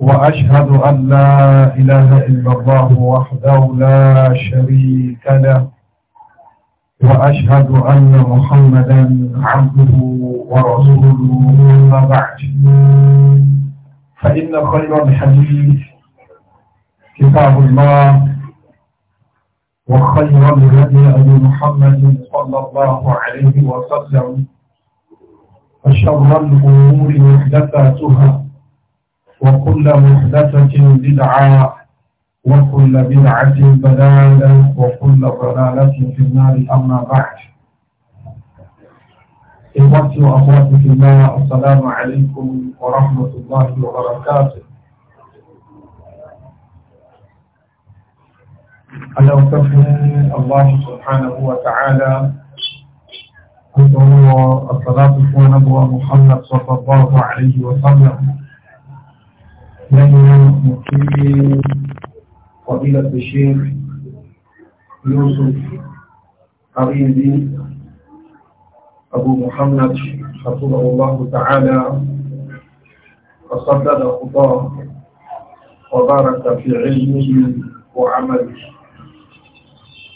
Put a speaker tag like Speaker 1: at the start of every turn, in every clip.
Speaker 1: وأشهد أن لا إله إلا الله وحده لا شريك له وأشهد أن محمدا عبده ورسوله ما بعد فإن خير الحديث كتاب الله وخير الهدي أن محمد صلى الله عليه وسلم وشر الأمور محدثاتها وكل محدثة بدعة وكل بدعة ضلالة وكل ضلالة في النار أما بعد إخوتي وأخواتي في الله السلام عليكم ورحمة الله وبركاته أنا أكفي الله سبحانه وتعالى أنه الصلاة والسلام على محمد صلى الله عليه وسلم لأن مقيم فضيلة الشيخ يوسف عريزي أبو محمد حفظه الله تعالى وصدد خطاه وبارك في علمه وعمله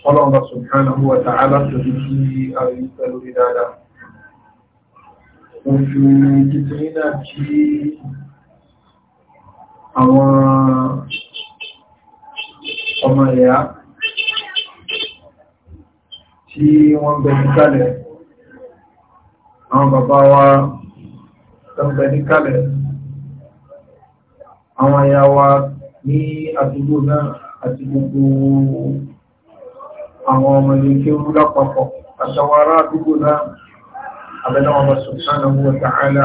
Speaker 1: قال الله سبحانه وتعالى تبكي أرسل إلى له وفي كتبنا àwọn ọmọ ìyá tí wọ́n bẹ ní kálẹ̀ àwọn bàbá wa tó ń bẹ ní kálẹ̀ àwọn ìyá wa ní àdúgbò náà àti gbogbo àwọn ọmọ ilé kí ó lápapọ̀ àtàwọn ará àdúgbò náà abẹ́lẹ́wọ̀n bá subhanahu wa ta'ala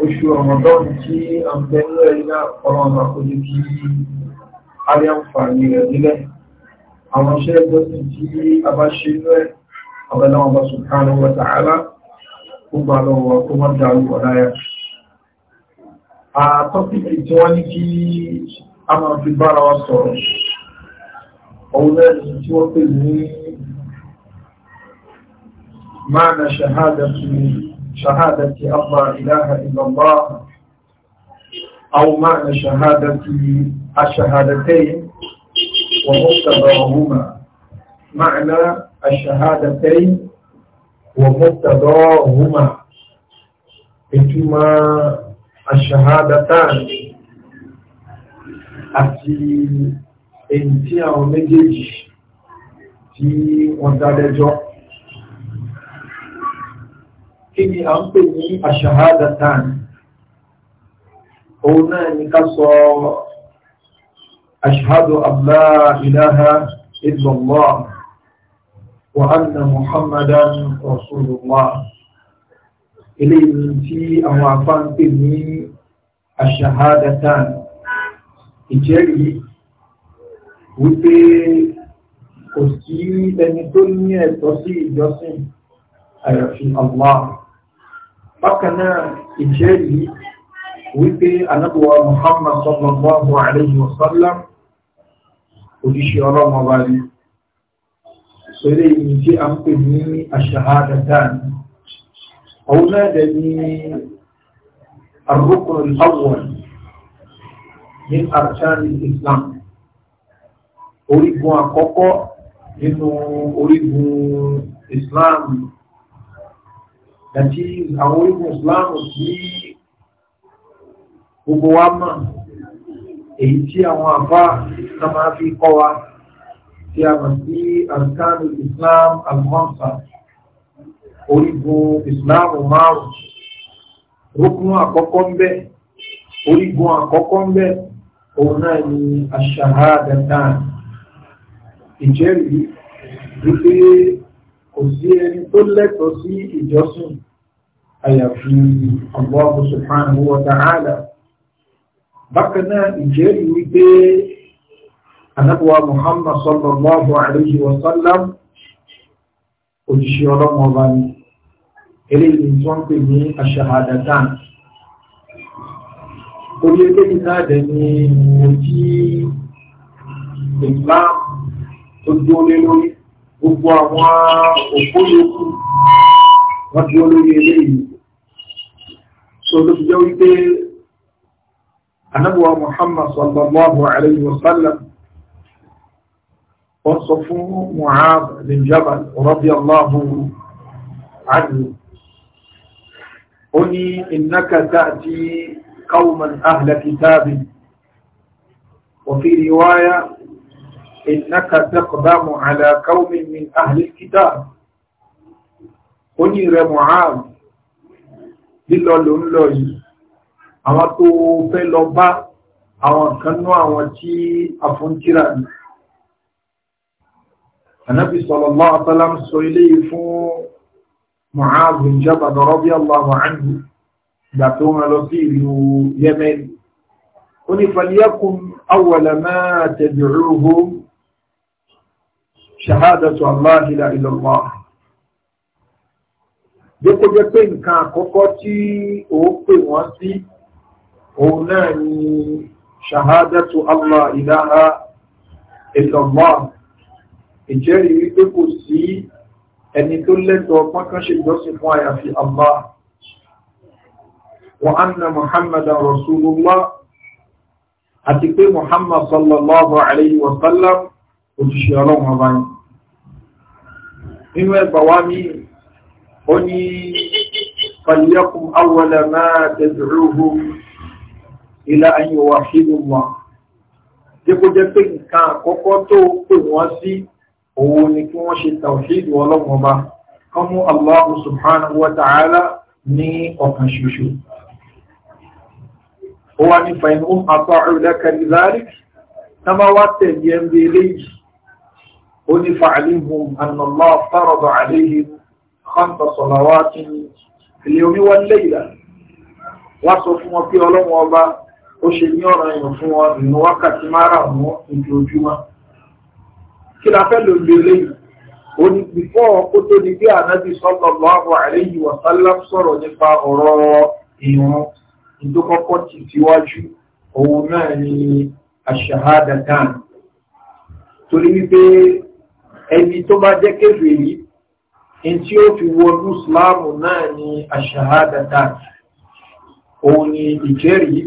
Speaker 1: oṣù ọmọdọ́mù tí a ń bẹ̀rẹ̀ lẹ́yìn náà ọlọ́run àkójú kí arí àǹfààní rẹ̀ nílẹ̀ àwọn iṣẹ́ ẹgbẹ́sìn tí a bá ṣe inú ẹ̀ ọ̀bẹ̀láwọn bá subhanahu wa ta'ala ó gbà lọ́wọ́ kó má dàrú ọ̀láyà àtọ́pìkì tí wọ́n ní kí a máa fi bára wa sọ̀rọ̀ òun náà tí wọ́n pè ní máa na ṣahádà tún شهادة الله لا إله إلا الله أو معنى شهادة الشهادتين ومقتضاهما معنى الشهادتين ومقتضاهما إتما الشهادتان àti èyí tí àwọn méjèèjì tí à ń pè ní àṣàhádàtàn òun náà ní ká sọ àṣàhádù àbúlá ìdáha ìdùnmọ́ wa anna muhammadan rasulullah eléyìí tí àwọn afá ń pè ní àṣàhádàtàn ìjẹ́rìí wípé kò sí ẹni tó ní ẹ̀tọ́ sí ìjọsìn àyàfi Allah bákan náà ìjẹ́rìí wípé anábọ̀wá Muhammad sallallahu alayhi wa sallam òjíṣẹ́ ọlọ́mọba ni pẹ̀lú ìyìn tí a ń pè ní aṣàhádàtàn ọ̀hún náà dẹ̀ ní arúkùn al-awwal ní arkan islam orígun àkọ́kọ́ nínú orígun islam dàtí àwọn orígun ìsìláàmù tí gbogbo wa mọ̀ èyí tí àwọn àbá ta máa fi kọ́ wa tí a mọ̀ sí arkanu islam alhamsa orígun ìsìláàmù márùn rúkún àkọ́kọ́ ń bẹ orígun àkọ́kọ́ ń bẹ òun náà ni aṣàhádàtàn ìjẹ́rìí wípé kò sí ẹni tó lẹ́tọ̀ọ́ sí ìjọsìn àyàfi Allahu subhanahu wa ta'ala bákan náà ìjẹ́rìí wípé anábọ̀wá Muhammad sallallahu alayhi wa sallam òjíṣẹ́ ọlọ́mọ ọba ni eléyìí tí wọ́n pè ní aṣahadatan orí eléyìí náà dẹ̀ ni ìgbà tó dúró lé lórí gbogbo àwọn òpó yòókù wọ́n dúró lórí eléyìí so ló fi jẹ́ wípé anábùwà muhammad sallallahu alayhi wa sallam wọ́n sọ fún mu'adh bin jabal radiyallahu anhu ó ní innaka ta'ti qauman ahla kitabin wa إنك تقدم على قوم من أهل الكتاب onírẹ Mu'adh lílọ ló ń lọ yìí àwọn tó fẹ́ lọ bá àwọn kan nú àwọn tí a fún tíra ní anábi sallallahu alaihi wasallam sọ ilé yìí fún bin Jabal radiyallahu anhu ìgbà tó ń lọ sí ìlú Yemen ó ní awwala ma tad'uhum ṣahádàtù aláhìlá ìlọ́mọ́ dípò jẹ́ pé nǹkan àkọ́kọ́ tí ó pè wọ́n sí òun náà ni ṣahádàtù aláhìlá ìlọ́mọ́ ìjẹ́rìí wípé kò sí ẹni tó lẹ́tọ̀ ọpọ́n kan ṣe ìjọsìn fún àyàfi allah wa anna muhammadan rasulullah àti pé muhammad sallallahu alayhi wa sallam òṣìṣẹ́ ọlọ́run ọba yìí nínú ẹgbà wá ní ó ní fàlẹ́kùn awọlẹ̀ máa tẹ̀sìrúhù ilá ayé wà sínú wà dípò jẹ́ pé nǹkan àkọ́kọ́ tó pè wọ́n sí òun ni kí wọ́n ṣe tàwíìdù ọlọ́run ọba kan mú Allahu subhanahu ní ọ̀kan ṣoṣo ó wá ní fàìmù àpá òrùlẹ́kẹ̀lẹ́ lárí tá wá tẹ̀lé ẹgbẹ́ eléyìí قل فعلمهم أن الله فرض عليهم خمس صلوات في اليوم والليلة وصف وفي علم وبا وشنيورا ينفوا من وقت مارا وانتوجما كلا فلو الليل onígbìfọ́ kó tó ní bí ànábì sallallahu alayhi wa sallam sọ̀rọ̀ nípa ọ̀rọ̀ ìran ìdókọ́kọ́ ti tíwájú òun náà ni àṣàhádà dáàmù torí wípé ẹni tó bá jẹ́ kéfèrí in tí ó fi wọnú islamu náà ni àṣàhádàtà òun ni ìjẹ́rìí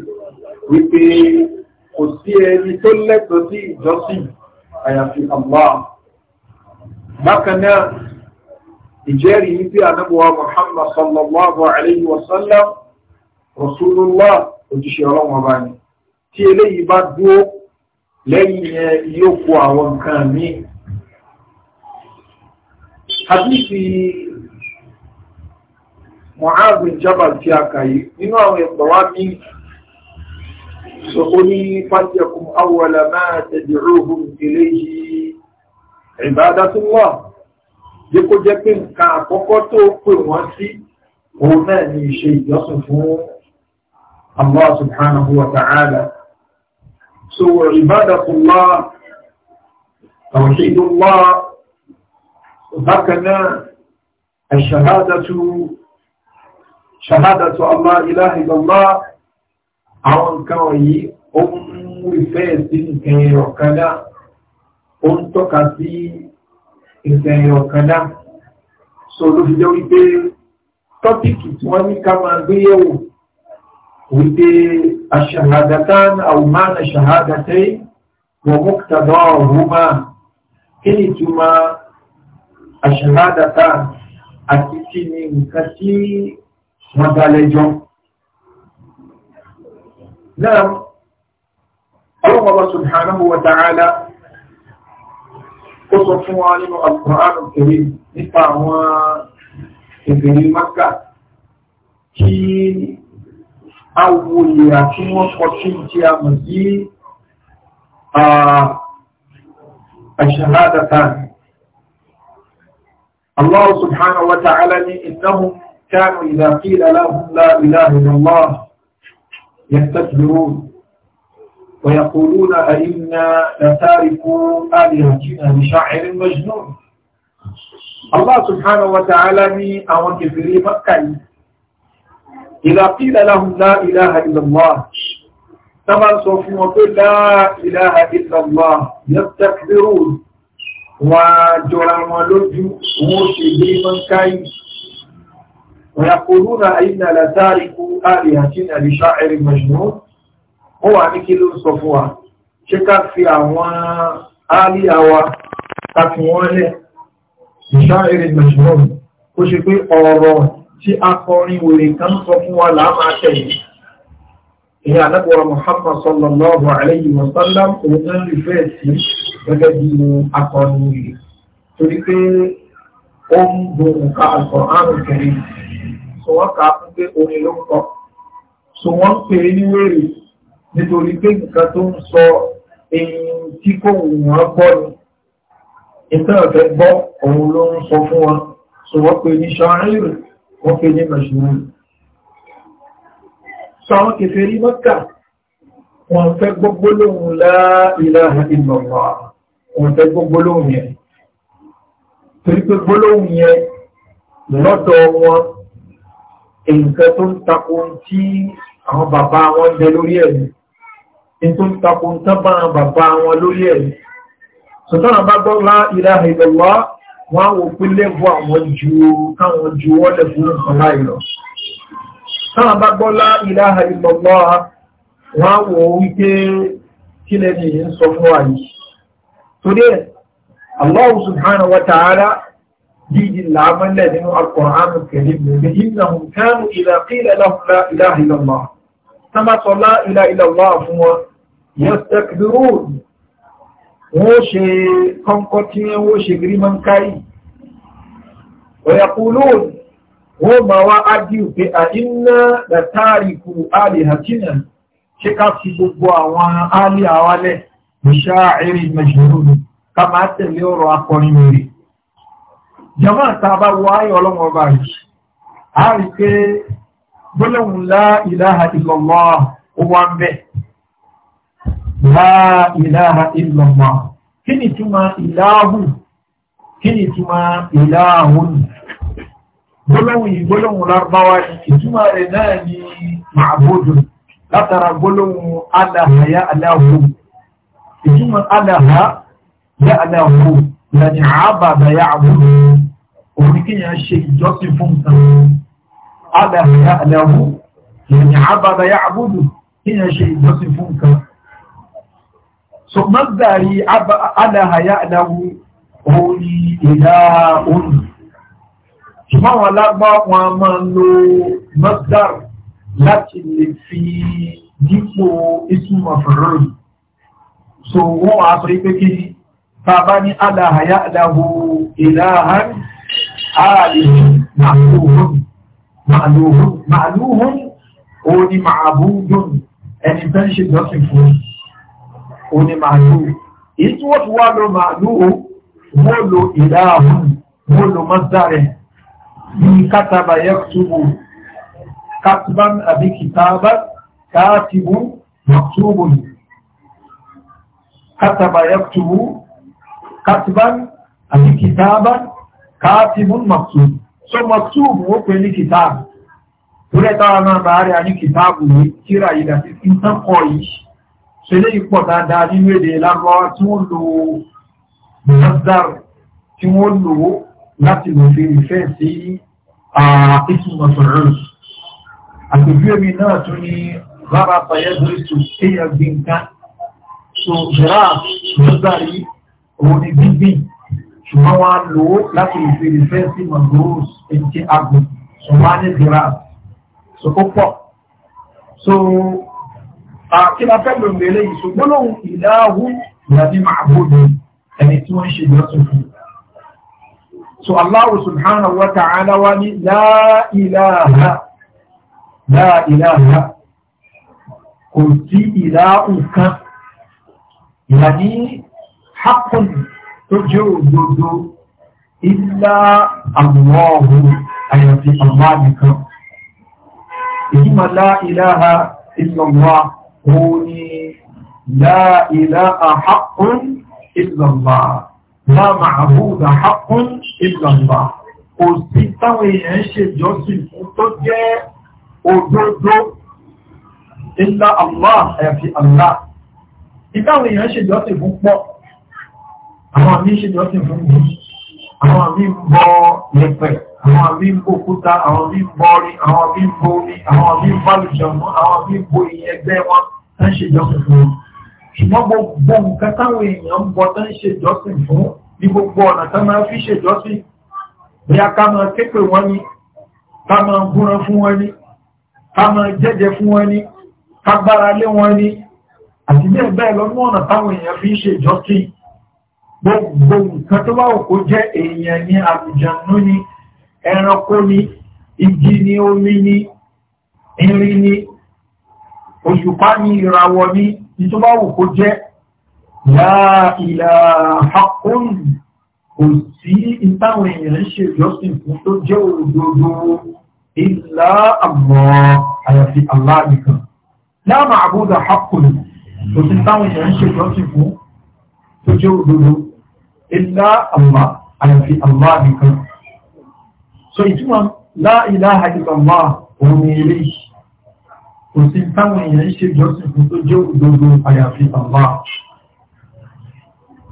Speaker 1: wípé kò sí ẹni tó lẹ́tọ̀ọ́ sí ìjọsìn àyàfi Allah bákan náà ìjẹ́rìí bí anábọ̀wá Muhammad sallallahu alayhi wa rasulullah òjíṣẹ́ ọlọ́wọ́ bá ní tí eléyìí bá dúó lẹ́yìn yóò kó àwọn nǹkan míì hadithi Mu'adh bin Jabal tí a kà yìí nínú àwọn ẹ̀gbọ́n wa ní sọ̀kóní fàtíyàkùn awwala ma tad'uhum ilayhi ibadatullah jẹ́ kó jẹ́ pé nǹkan àkọ́kọ́ tó pè wọ́n sí òun náà ni ìṣe ìjọsìn fún Allah subhanahu wa ta'ala so ibadatullah tawhidullah bákan náà ẹ̀ṣàhádàtú ṣàhádàtú Allah ilaha illallah àwọn nǹkan wọ̀nyí ó mú ìfẹ́ sí nǹkan ẹ̀rọ kan náà ó ń tọ́ka sí nǹkan ẹ̀rọ kan náà so ló fi jẹ́ wípé tọ́pìkì tí wọ́n ní ká máa gbé yẹ̀wò wípé aṣàhádàtán àwòmánà ṣàhádàtẹ́ àṣàhádàtà àti kí ni nǹkan tí wọ́n dá lẹ́jọ́. Náà, ọlọ́wọ́ bá subhanahu wa ta'ala, ó sọ fún wa nínú Al-Qur'an nípa àwọn ìbèrè Mákà kí a wo tí wọ́n kọ sí tí a mọ̀ sí àṣàhádàtà. الله سبحانه وتعالى إنهم كانوا إذا قيل لهم لا إله إلا الله يستكبرون ويقولون أئنا لتاركوا آلهتنا لشاعر مجنون الله سبحانه وتعالى ني أو كفري مكة إذا قيل لهم لا إله إلا الله كما سوف لا إله إلا الله يستكبرون wọ́n á jọra wọn lójú wọ́n ó ṣe lé mọ́nkáyì wọ́n yà kó lúnà àyínà látàrí kú àrí àti àríṣà ẹ̀rí mọ̀ṣùnú ó wà ní kí ló sọ fún wa ṣé ká fi àwọn áálí àwa ká wọ́n lẹ̀ ìṣà ẹ̀rí mọ̀ṣùnú kó ṣe pé ọ̀rọ̀ tí akọrin wèrè kan sọ fún wa là tẹ̀lé ìyá anábọ̀wá Muhammad sallallahu alayhi wa sallam òun náà rí bẹ́ẹ̀ sí gẹ́gẹ́ bí akọni ilé torí pé ó ń bo nǹkan Al-Qur'an kiri so wọ́n kà á fún pé orin ló ń kọ́ so wọ́n ń pè é ní wèrè nítorí pé nǹkan tó ń sọ èyí tí kò wọ́n gbọ́ ni nǹkan ọ̀fẹ́ gbọ́ òun ló ń sọ fún wọn so wọ́n pè ní ṣọ́ọ́rẹ́rì wọ́n pè ní mẹ̀ṣùmọ́rì sọ àwọn kèfèrí Mọ́kà wọ́n fẹ́ gbogbo lóhun la ilaha illallah kò fẹ́ gbọ́ gbólóhùn yẹn torí pé gbólóhùn yẹn lọ́dọ̀ wọn nǹkan tó ń tako tí àwọn bàbá wọn jẹ lórí ẹ̀ ní tó ń tako ń tán bá àwọn bàbá wọn lórí ẹ̀ ní sọ̀tọ́nà bá gbọ́ lá ilaha illallah wọ́n á wò pé lẹ́bù àwọn ju káwọn ju wọ́n fún nǹkan láì lọ sọ̀tọ́nà bá gbọ́ lá ilaha illallah wọ́n á wò wípé kí lẹ́ni yìí ń sọ fún wa torí ẹ̀ Allah subhanahu wa ta'ala jíjì làmọ́lẹ̀ nínú al-Qur'an al-Karim lórí innahum kanu idha qila lahum la ilaha illallah sábà sọ la ilaha illallah fún wọn yastakbirun wọ́n ṣe kọ́ńkọ́ tí wọ́n ṣe wa yaqulun wọ́n ma wá ágíù pé àìná látàríkù alìhàtínà ṣe ká fi gbogbo àwọn ìṣáàrí mẹ̀ṣẹ̀rúnú ká máa tẹ̀lé ọ̀rọ̀ akọrin mẹ́rin jama ta bá wọ ayọ̀ ọlọ́wọ́ bá rí a rí pé gbọ́lẹ̀hùn la ilaha illallah ó wá ń bẹ̀ la ilaha illallah kí ni túmọ̀ ìlàhù kí ni ìtumọ̀ anaha yẹ anahu lẹ́ni àbàdà yà àbúrò òun kíyàn ṣe ìjọsìn fún nǹkan anaha yẹ anahu lẹ́ni àbàdà yà àbúrò kíyàn ṣe ìjọsìn fún nǹkan. so mọ́gbàrí anaha yẹ anahu òun ni ìlà ṣùgbọ́n wọn máa lo mọ́gbàrí láti lè fi dípò ìtumọ̀ fẹ̀rẹ̀ so wọ́n wà sọ ipé kí bàbá ní aláhàyà aláhù ìlàhàn ààrẹ̀hùn màlúhùn òní màbúdùn ẹni tẹ́ ṣe lọ́sìn fún òní màlúhùn èyí tí wọ́n ti wá lọ màlúhùn wọ́n lo ìlàhùn wọ́n lo mọ́sàrẹ̀ ní kátàbà yẹ́kùtùbù kátìbán àbí kìtàbà kátìbù mọ̀túbù kataba yaktubu katiban àti kitaban katibun maktub so maktub wọ́n pè ní kitabu wúlẹ̀ táwọn náà bá rí a ní kitabu yìí kíra yìí àti ìtàn kọ yìí ṣe lè pọ̀ dáadáa nínú èdè lárúbáwá tí wọ́n lò mazdar tí wọ́n lò láti lò fi ìfẹ́ sí ìtumọ̀ sọ̀rọ̀ àpèjúwe mi náà tún ní rárá fàyẹ́ bírísù kéèyàn gbé nǹkan so ṣẹ̀rá ṣọ́gbàrí òun ni gbígbìn ṣùgbọ́n wọ́n á lò ó láti ìfèrè fẹ́ sí mọ̀gbòrós ẹ̀jẹ̀ àgbò so wọ́n á ní ṣẹ̀rá so ó pọ̀ so àkílá fẹ́ lò mẹ́lẹ́ yìí so gbólóhùn ìdáhù ìyàdí màbúdù ẹni tí wọ́n ṣe ìjọsìn fún so Allah subhanahu wa ta'ala wa ni la ilaha kò sí ìdáhù kan yàní hapun tó jẹ́ òdodo ilá àwọ̀ọ̀hù àyàfi àmà nìkan èyí ma láìláha ìlọ́wà òun ni láìláha hapun ìlọ́wà láàmà àbúdà hapun ìlọ́wà kò sí táwọn èèyàn ṣe jọ́sìn fún tó jẹ́ òdodo ilá àmà àyàfi àmà ìtàwọn èèyàn ṣe jọ́sìn fún pọ̀ àwọn àmì ṣe jọ́sìn fún mi àwọn àmì ń bọ yẹ̀pẹ̀ àwọn àmì ń bọ òkúta àwọn àmì ń bọ orí àwọn àmì ń bọ omi àwọn àmì ń bálùjọ mọ àwọn àmì ń bọ ìyẹn ẹgbẹ́ wọn tó ń ṣe jọ́sìn fún mi ṣùgbọ́n gbogbo nǹkan táwọn èèyàn ń bọ tó ń ṣe jọ́sìn fún ní gbogbo ọ̀nà tó máa fi ṣe jọ́sìn bóyá ká máa képe wọn ni ká máa búra fún wọn ni ká máa jẹ́jẹ́ fún wọn ni ká gbára lé wọn ni àti ní ẹgbẹ́ lọ́nà ọ̀nà táwọn èèyàn fi ń ṣe ìjọ́sìn gbogbo nǹkan tó bá òkú jẹ́ èèyàn ní àlùjànnú ni ẹranko ni igi ni omi ni irin ni òṣùpá ni ìràwọ̀ ni tó bá òkú jẹ́ láìlà àkóhùn èèyàn ń ṣe ìjọ́sìn fún tó jẹ́ òdodo kò sí táwọn èèyàn ń ṣe ìjọsìn fún tó jẹ́ òdodo ilá àmà àyàfi àmà nìkan so ìtumọ̀ láìláha ìgbàmà òun ni ilé kò sí táwọn èèyàn ń ṣe ìjọsìn fún tó jẹ́ òdodo àyàfi àmà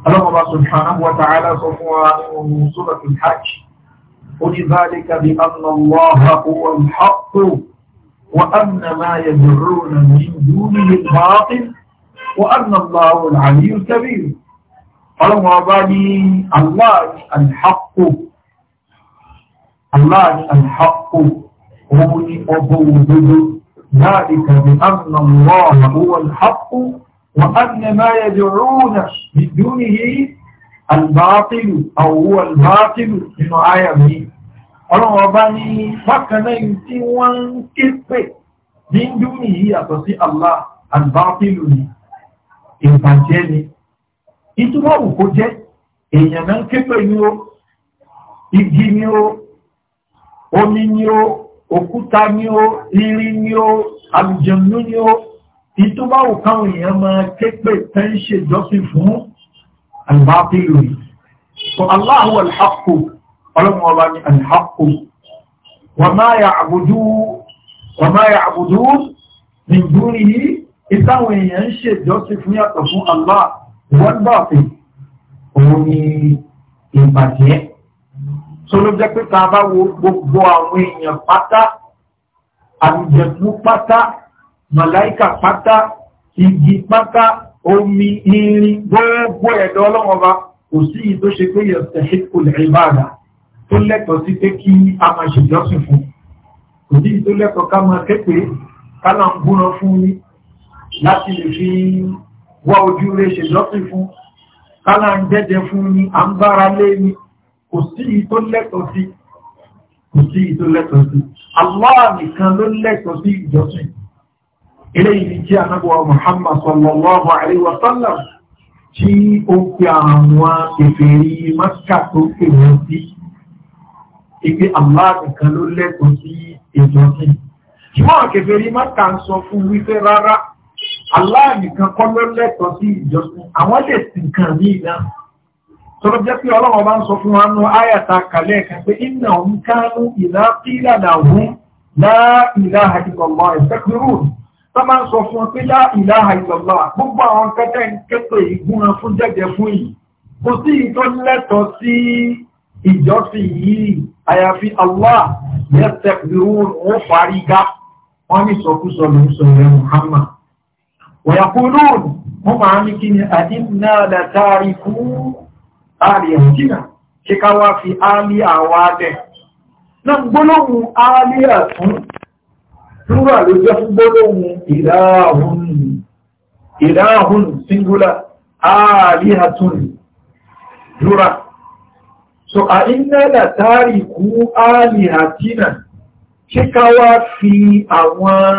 Speaker 1: Alọ́mọba Subhanahu wa ta'ala sọ fún wa nínú Suratul Hajj, ó ní ذلك بأن الله هو الحق وأن ما يدعون من دونه الباطل wọ́n arìnàlá òun àníyàn kẹ́bìrì ọlọ́run ọba ní aláàrí alhaqo aláàrí alhaqo òun ní ọgbọ́ òdodo ذلك بأن الله هو الحق وأن ما يدعون من دونه الباطل أو هو الباطل من آية منه ọlọ́run ọba ní bákanáyì tí wọ́n ń ké pè ní dúnìí yàtọ̀ sí Allah al-batilu ni ìbàjẹ́ ni ìtumọ̀ òkú jẹ́ èèyàn náà képe ni ó igi ni ó omi ni ó òkúta ni ó irin ni ó àlùjànnú ni ó ìtumọ̀ òkáwọn èèyàn máa képe tẹ́ ń ṣèjọ́sìn fún àlùbáfíìlù yìí so Allahu alhaqqu ọlọ́run ọba ni alhaqqu wa ma ya'budu wa ma ya'budu min dunihi ìtàwọn èèyàn ń ṣe ìjọsìn fún yàtọ̀ fún Allah wọ́n gbà pé òun ni ìbàjẹ́ tó ló jẹ́ pé ta bá wo gbogbo àwọn èèyàn pátá àlùjẹ̀kú pátá màláìkà pátá igi pátá omi irin gbogbo ẹ̀dọ́ ọlọ́wọ́n bá kò sí yìí tó ṣe pé yọ̀tẹ̀ ìkọlẹ̀ ìbáàdà tó lẹ́tọ̀ọ́ sí pé kí a máa ṣèjọsìn fún kò sí yìí tó lẹ́tọ̀ọ́ ká máa képe ká náà ń gbóná fún yín láti lè fi wá ojú rẹ̀ ṣe lọ́sìn fún kálá ń jẹ́jẹ fún ní à ń bára lé ní kò sí ìtó lẹ́tọ̀ọ́ sí kò sí ìtó lẹ́tọ̀ọ́ sí Allah nìkan ló lẹ́tọ̀ọ́ sí ìjọsìn eléyìí jẹ́ anábọ̀ Muhammad sallallahu alaihi wa sallam tí ó pe àwọn ìfèrí Mákà tó pè wọ́n sí ìpé Allah nìkan ló lẹ́tọ̀ọ́ sí ìjọsìn ṣùgbọ́n ìfèrí Mákà ń sọ fún wípé rárá Allah nìkan kọ́ ló lẹ́tọ̀ọ́ sí ìjọsìn àwọn lè sì nǹkan míì náà tọ́lọ́ jẹ́ pé ọlọ́run bá ń sọ fún wa nú àyàtà kàlẹ́ kan pé iná òun kánú ìlà pílà náà hún láìlà àìlọ́lọ́ ìfẹ́kúrú tó máa ń sọ fún wọn pé láìlà àìlọ́lọ́ gbogbo àwọn kẹ́tẹ́ ń képe wọ́n ní sọkúsọ ló sọ ìrẹ́ Muhammad ويقولون هم عمكين أئنا لتاركو آلهتنا كيكوا في آلي أواده نقولهم آلهة plural ló jẹ́ fún gbólóhùn ìlàhùn ìlàhùn singular àríhàtún plural so a iná látàrí kú àríhàtínà kíkáwá fi àwọn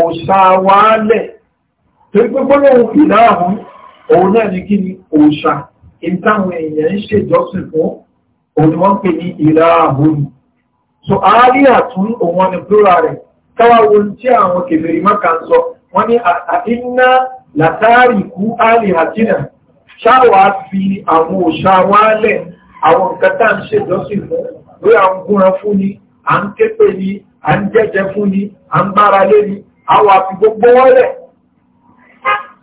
Speaker 1: òṣàwálẹ̀ tó gbogbo lóhun ìdáhùn òun náà ní ni òòṣà ìtàwọn èèyàn ń ṣèjọsìn fún so àárí àtún òun ni plúra rẹ̀ káwáwo tí àwọn kèfèrí mọ́ka ń sọ wọ́n ní àìná látàrí kú áàlì àtìnà ṣáwà fi àwọn òòṣà wálẹ̀ àwọn nǹkan tá à ń fún lórí àwọn gúnran fún ni à ń képe ni à ń jẹ́jẹ́ fún ni à ń bára lé ni àwọn àfi gbogbo wọ́lẹ̀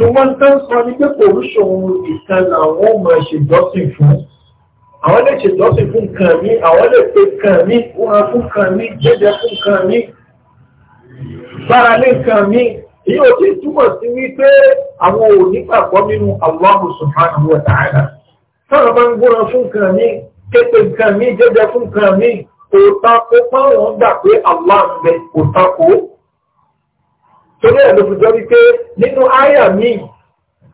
Speaker 1: ṣùgbọ́n tó ń sọ ní pé kò ń ṣòun ìkan làwọn ọmọ ṣèjọ́sìn fún àwọn lè ṣèjọ́sìn fún nǹkan mi àwọn lè pe nǹkan mi wúra fún nǹkan mi jẹ́jẹ́ fún nǹkan mi gbára lé nǹkan mi èyí ò tí túmọ̀ sí wípé àwọn ò nígbàgbọ́ nínú Allahu subhanahu wa ta'ala sọ̀rọ̀ máa ń gbóná fún nǹkan mi képe nǹkan mi jẹ́jẹ́ fún nǹkan mi kò ta pàwọn gbà pé Allah ń bẹ kò ta torí ẹ̀ ló fi jọ wípé nínú àyà mi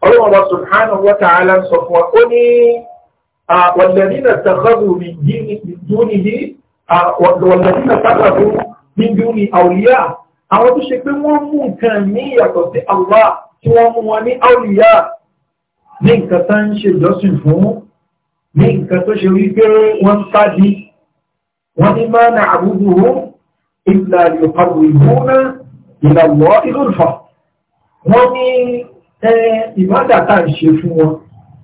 Speaker 1: ọlọ́run ọba subhanahu wa ta'ala sọ fún wa ó ní wàlẹ́dínà tàkàdù mi dúni yìí wàlẹ́dínà tàkàdù mi dúni àwòyá àwọn tó ṣe pé wọ́n mú nǹkan ní yàtọ̀ sí Allah tí wọ́n mú wọn ní àwòyá ní nǹkan tá ń ṣe ìjọsìn fún ní nǹkan tó ṣe wípé wọ́n sádi wọ́n ní máa na àbúrò ìlà ìpàdé ìgbóná ìlàwọ́ ìlúfà wọ́n ní ìbádàtà ń ṣe fún wọn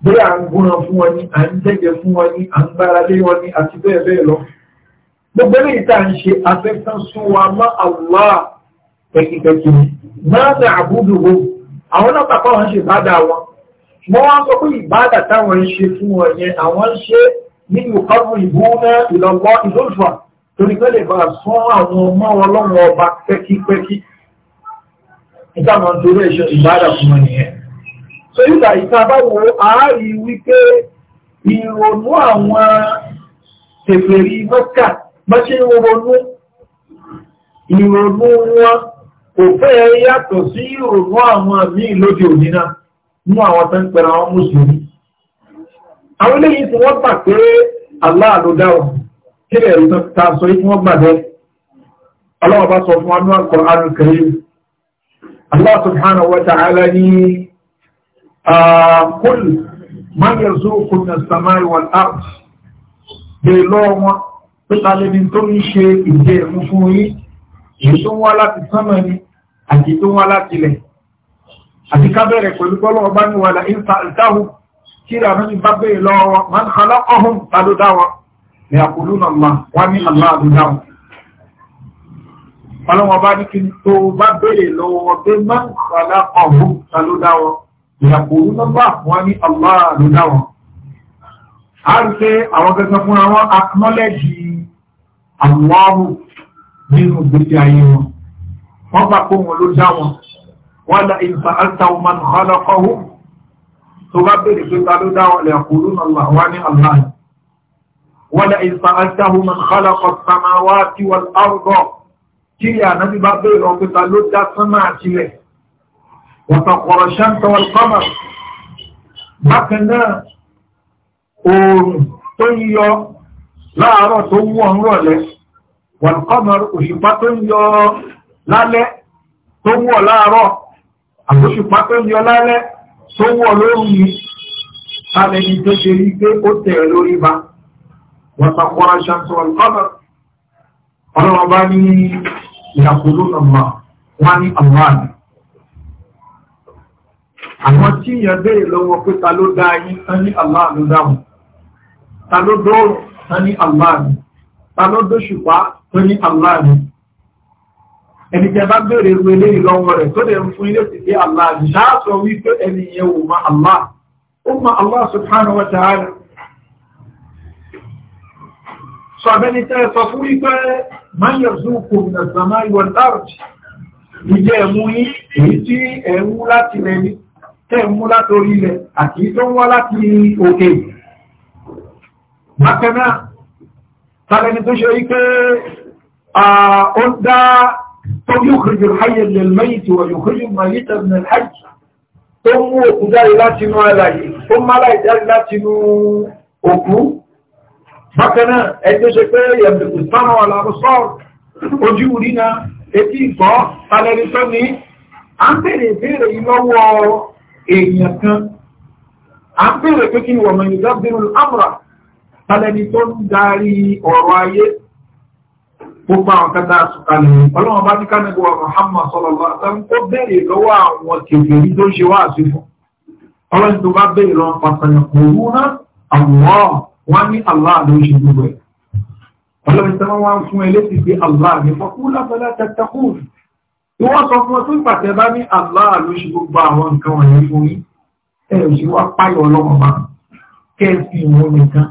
Speaker 1: bí à ń gúnra fún wọn ní à ń jẹ́jẹ́ fún wọn ní à ń gbára lé wọn ní àti bẹ́ẹ̀ bẹ́ẹ̀ lọ gbogbo eléyìí tá à ń ṣe afẹ́fẹ́ sún wa mọ́ Allah pẹ̀kìpẹ̀kì náà ní àbúdù wo àwọn náà pàpà wọn ṣe ìbádà wọn wọ́n wá sọ pé ìbádà táwọn ń ṣe fún wọn yẹn àwọn ń ṣe ní ìkọ́nù ìbú náà ìlọ́gbọ́ ìlúfà torí pé lè bá sún àwọn ọmọ ọlọ́run ọba pẹ́kípẹ́kí ìtàmọ̀ torí ẹ̀ṣọ́ ìbára fún ọ̀nìyàn. So yíta ìtàbáwò ààrí wípé ìrònú àwọn tẹ̀fẹ̀rí mọ́kà mọ́ṣẹ́ ìrònú ìrònú wọn kò fẹ́ yàtọ̀ sí ìrònú àwọn míì lóde òní náà mú àwọn tó ń pẹ̀rọ àwọn mùsùlùmí. Àwọn eléyìí tí wọ́n gbà pé Allah ló dá wọn, kí lè rí ta sọ yìí tí wọ́n gbà bẹ́ẹ̀. Allah bá sọ fún wa ní Al-Qur'an Al-Karim. Allah subhanahu wa ta'ala ní kúl ah, man yarzuqukum minas samai wal ard bèè lọ́wọ́ wọn pípa lẹ́ni tó ń ṣe ìjẹ́ ẹ̀mú fún yí èyí tó ń wá láti sánmà ni àti tó ń wá láti lẹ̀ àti ká bẹ̀rẹ̀ pẹ̀lú bọ́lọ́ ọba ní wàlà ìfà ìdáhùn kí ra mẹ́ni bá bèè lọ́wọ́ man khalaqahum ta ló dáwọ́ ni àkùlù náà wá Allah ló ọlọ́wọ́ bá ní kí n tó bá béèrè lọ́wọ́ pé máa ń kọ́lá ọ̀hún ta ló dáwọ́ ìyàpò òun nọ́mbà wọn ní Allah ló dáwọ́ a rí pé àwọn gẹ́gẹ́ fúnra wọn akọ́lẹ́jì àwọ̀wọ́ nínú gbèsè ayé wọn wọ́n gbà pé wọn ló dá wọn wọ́n la ìfà àtàwọn máa ń kọ́lá tó bá béèrè pé ta ló dáwọ́ wọn ní Allah wọ́n la ìfà tí ànábí bá bèèrè ọgbẹ́ta ló dá sánmà àtìlẹ̀ wọ̀tàkọ̀rọ̀ ṣántọ̀ ọlọ́mà bákan náà oòrùn tó ń yọ láàárọ̀ tó wọ̀ ń rọ̀lẹ́ wọ̀tàkọ̀mọ̀ òṣùpá tó ń yọ lálẹ́ tó wọ̀ láàárọ̀ àbóṣùpá tó ń yọ lálẹ́ tó wọ̀ lóòrùn yìí tàbí tó ṣe rí pé ó tẹ̀ lórí bá wọ̀tàkọ̀rọ̀ ṣántọ̀ ọlọ́mà bá ní ìyàkùnlú ọmọ wọn ní àwọn àwọn tí yẹn béèrè lọ́wọ́ pé ta ló dá yín tán ní Allah ló dáhùn ta ló dóòrùn tán ní Allah ni ta ló dóṣùpá tán ní Allah ni ẹni tẹ bá béèrè ru eléyìí lọ́wọ́ rẹ̀ tó lè fún ilé tìdí Allah ni máa yẹ̀ zúkù nà sàmá ìwọ̀n láàrùtì ìjẹ́ ẹ̀mú yí èyí tí ẹ̀mú láti rẹ̀ ní tẹ́ẹ̀mú látorí rẹ̀ àti tó ń wá láti òkè bákaná tàbẹni tó ṣe rí pé ó dá tó yókùrìjù hayẹ̀ lẹ́lmẹ́yìn tí wà bákanáà ẹgbẹ́ ṣe pé yẹ̀mùkù sánà wà lábúsọ́ ojú rí na etí ìgbọ́ tàlẹ́rí tó ní a ń bèèrè ìbéèrè yìí lọ́wọ́ èèyàn kan a ń bèèrè pé kí ni wọ̀mọ̀ ìjọ bínú amra tàlẹ́rí tó ń darí ọ̀rọ̀ ayé gbogbo àwọn kẹta ọlọ́wọ́n bá ní kánẹ́gbọ́ Muhammad sọlọ́lá tán kó bèèrè lọ́wọ́ àwọn kèfèrí tó ṣe wá àṣìfọ́ ọlọ́run tó bá bèèrè lọ́wọ́ pàtàkì òwúrọ̀ àwọn wọ́n ní Allah ló ń ṣe gbogbo ẹ̀ ọlọ́run tí wọ́n wá ń fún ẹ létí pé Allah ní fọkú lábẹ́lá tẹ́tẹ́kù tí wọ́n sọ fún ọ tó ìpàtẹ́ bá ní Allah ló ṣe gbogbo àwọn nǹkan wọ̀nyí fún yín ẹ̀ ṣe wá páyọ̀ ọlọ́run máa kẹ́ ẹ fi ìwọ nìkan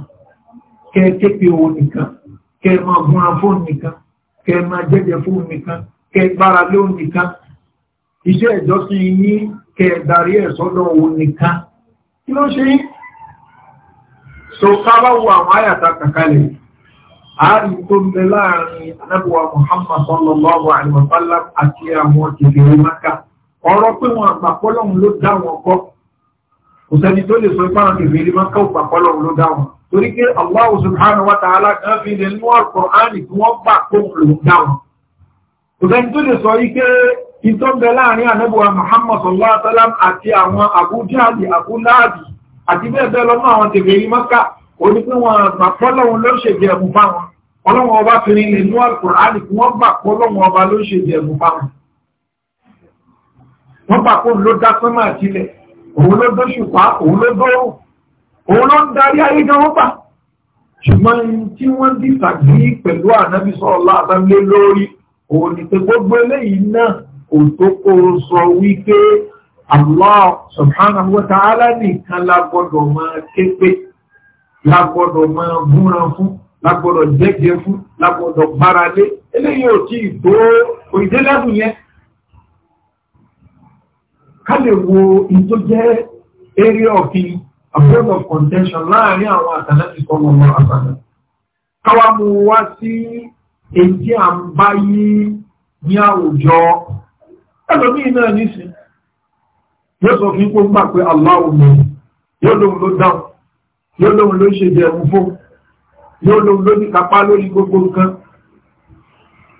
Speaker 1: kẹ́ ẹ képe owó nìkan kẹ́ ẹ máa gúnra fóònù nìkan kẹ́ ẹ máa jẹ́jẹ́ fóònù nìkan kẹ́ ẹ gbára lóhùn nìkan iṣẹ́ ìjọsìn yín kẹ́ ẹ darí ẹ̀ sọ́dọ̀ òun nìkan kí ló ṣe yín so kábà wo àwọn àyàtà kàkálẹ̀ àárín tó ń bẹ láàrin anábùwà Muhammad sallallahu alaihi wa sallam àti àwọn kìkìrì maka ọ̀rọ̀ pé wọn àgbàpọ́lọ́hun ló dá wọn kọ́ kò sẹ́ni tó lè sọ ìfáwọn kìkìrì maka ò ló dá torí pé Allah subhanahu wa ta'ala kan fi lè nú Al-Qur'ani tí wọ́n gbà pé òun lòún kò sẹ́ni tó lè sọ ike ìtọ́bẹ̀ láàrin anábùwà Muhammad sallallahu alaihi wa sallam àti àwọn Abu Jahl Abu Lahab àti bẹ́ẹ̀ bẹ́ẹ̀ lọ́nà àwọn tèbè yí mọ́ká orí pé wọ́n gbà pọ́lọ́wọ́n ló ṣèjì ẹ̀bù bá wọn ọlọ́wọ́n ọba fi ní ilé níwọ̀n kùránì kí wọ́n gbà pọ́lọ́wọ́n ọba ló ṣèjì ẹ̀bù bá wọn. wọ́n gbà pé ló dá sánmà sílẹ̀ òun ló dó ṣùpá òun ló dó òun ló ń darí ayé gan wọ́n gbà. ṣùgbọ́n tí wọ́n dì tàbí pẹ̀lú ànábì sọ́ọ̀lá Allah subhanahu wa ta'ala nìkan lágbọ́dọ̀ máa képe, lágbọ́dọ̀ máa búra fún, lágbọ́dọ̀ jẹ́gẹ fún, lágbọ́dọ̀ gbáralé, eléyìí ò tí ìgbó òìdélẹ́bù yẹn. Ká lè wo ìtó jẹ́ area of the afraid of contention láàrin àwọn àtàlẹ́sì kọmọ ọmọ àbàdàn. Káwá mú wá sí èyí tí à ń báyé ní àwùjọ. Ẹlòmíì náà nísìnyí yóò sọ fún ipò gbà pé aláwọ̀ mi yóò lóun ló dáhùn yóò lóun ló ṣe jẹun fún yóò lóun ló ní kápá lórí gbogbo nǹkan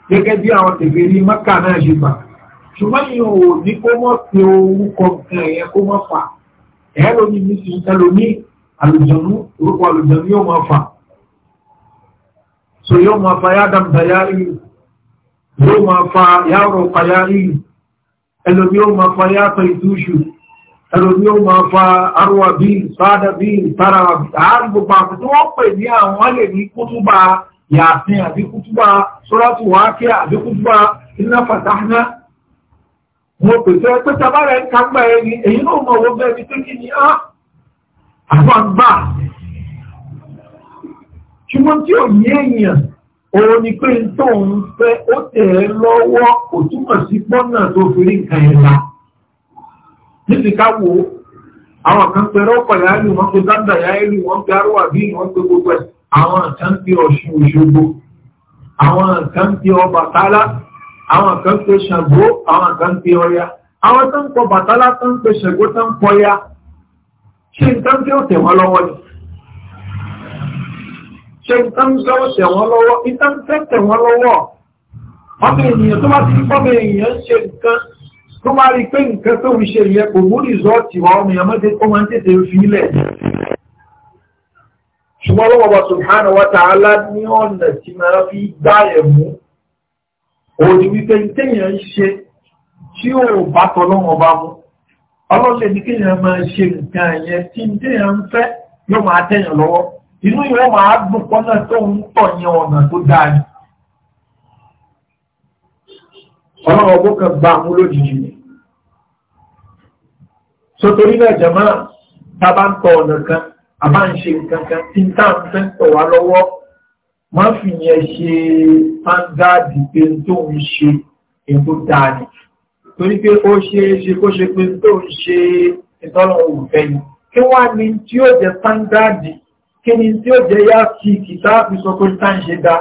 Speaker 1: gẹ́gẹ́ bí àwọn tẹ̀fẹ̀rí mọ́kà náà ṣe gbà ṣùgbọ́n yìí ò ní kó mọ́ pé orúkọ nǹkan ẹ̀yẹ kó mọ́ fà ẹ̀yẹ lómi ní sí ẹlòmí àlùjọ̀nú orúkọ àlùjọ̀nú yóò mọ́ fà so yóò mọ́ fà yá dàmdà yá rí yóò mọ́ fà yá rọ̀ fà yá rí ẹlòmí yóò mọ́ yá fà ìtúṣù ẹlòmí ó máa fa arúwà bí sáádà bí sára àárí gbogbo àti tí wọ́n pè ní àwọn lè ní kútúbà yàtín àbí kútúbà sọ́rọ́tù wákíà àbí kútúbà iná fàtàhánà mo pèsè pé tabarẹ̀ ń kagbà ẹ ni èyí náà mọ̀ wọ́n bẹ́ẹ̀ ni pé kí ni á àgbàgbà ṣùgbọ́n tí ò ní èèyàn òun ni pé tóun fẹ́ ó tẹ̀ ẹ́ lọ́wọ́ kò sí pọ́nà tó fi rí nǹkan ẹ̀ la níbi káwò àwọn kan pẹ̀rọ pẹ̀lá ìlú wọn pé dáńdà yá ìlú wọn pé arúwà bí wọn pé gbogbo ẹ̀ àwọn kan pé ọ̀ṣun òṣogbo àwọn kan pé ọbàtálá àwọn kan pé ṣàgbó àwọn kan pé ọya àwọn tó ń pọ bàtálá tó ń pé ṣàgbó tó ń pọ ya ṣe nǹkan tí ó tẹ̀ wọ́n lọ́wọ́ ni ṣe nǹkan tí ó tẹ̀ wọ́n lọ́wọ́ nǹkan tẹ̀ wọ́n lọ́wọ́ ọmọ ènìyàn tó bá ti pọ́ tó bá rí pé nǹkan tó ń ṣe yẹ kò mú rìsọ́ọ̀tì wa ọmọ èèyàn mọ́tẹ́ ó máa ń tètè fi lẹ̀ ṣùgbọ́n lọ́wọ́ bá subhanahu wa ta'ala ní ọ̀nà tí máa fi gbá ẹ̀ mú òdì wípé téèyàn ń ṣe tí ó bá tọ́lọ́wọ́ bá mú ọlọ́lẹ̀ ní kéèyàn máa ṣe nǹkan yẹn tí téèyàn ń fẹ́ yóò máa tẹ̀yàn lọ́wọ́ inú yóò máa dùn pọ́nà tó ń tọ̀ ọ̀nà tó dáa ni ọlọ́run ọgbó kan gba mú lójijì ni sotori náà jama taba ń tọ ọ̀nà kan a bá ń ṣe nǹkan kan tí n tá n fẹ́ tọ̀ wá lọ́wọ́ má fi yẹn ṣe pángáàdì pé n tó ń ṣe ètò dáadì torí pé ó ṣe é ṣe kó ṣe pé n tó ń ṣe ìtọ́nà òfẹ́ kí wá ní tí ó jẹ pángáàdì kí ni tí ó jẹ yá kí kìtàbù sọ pé tá ń ṣe dá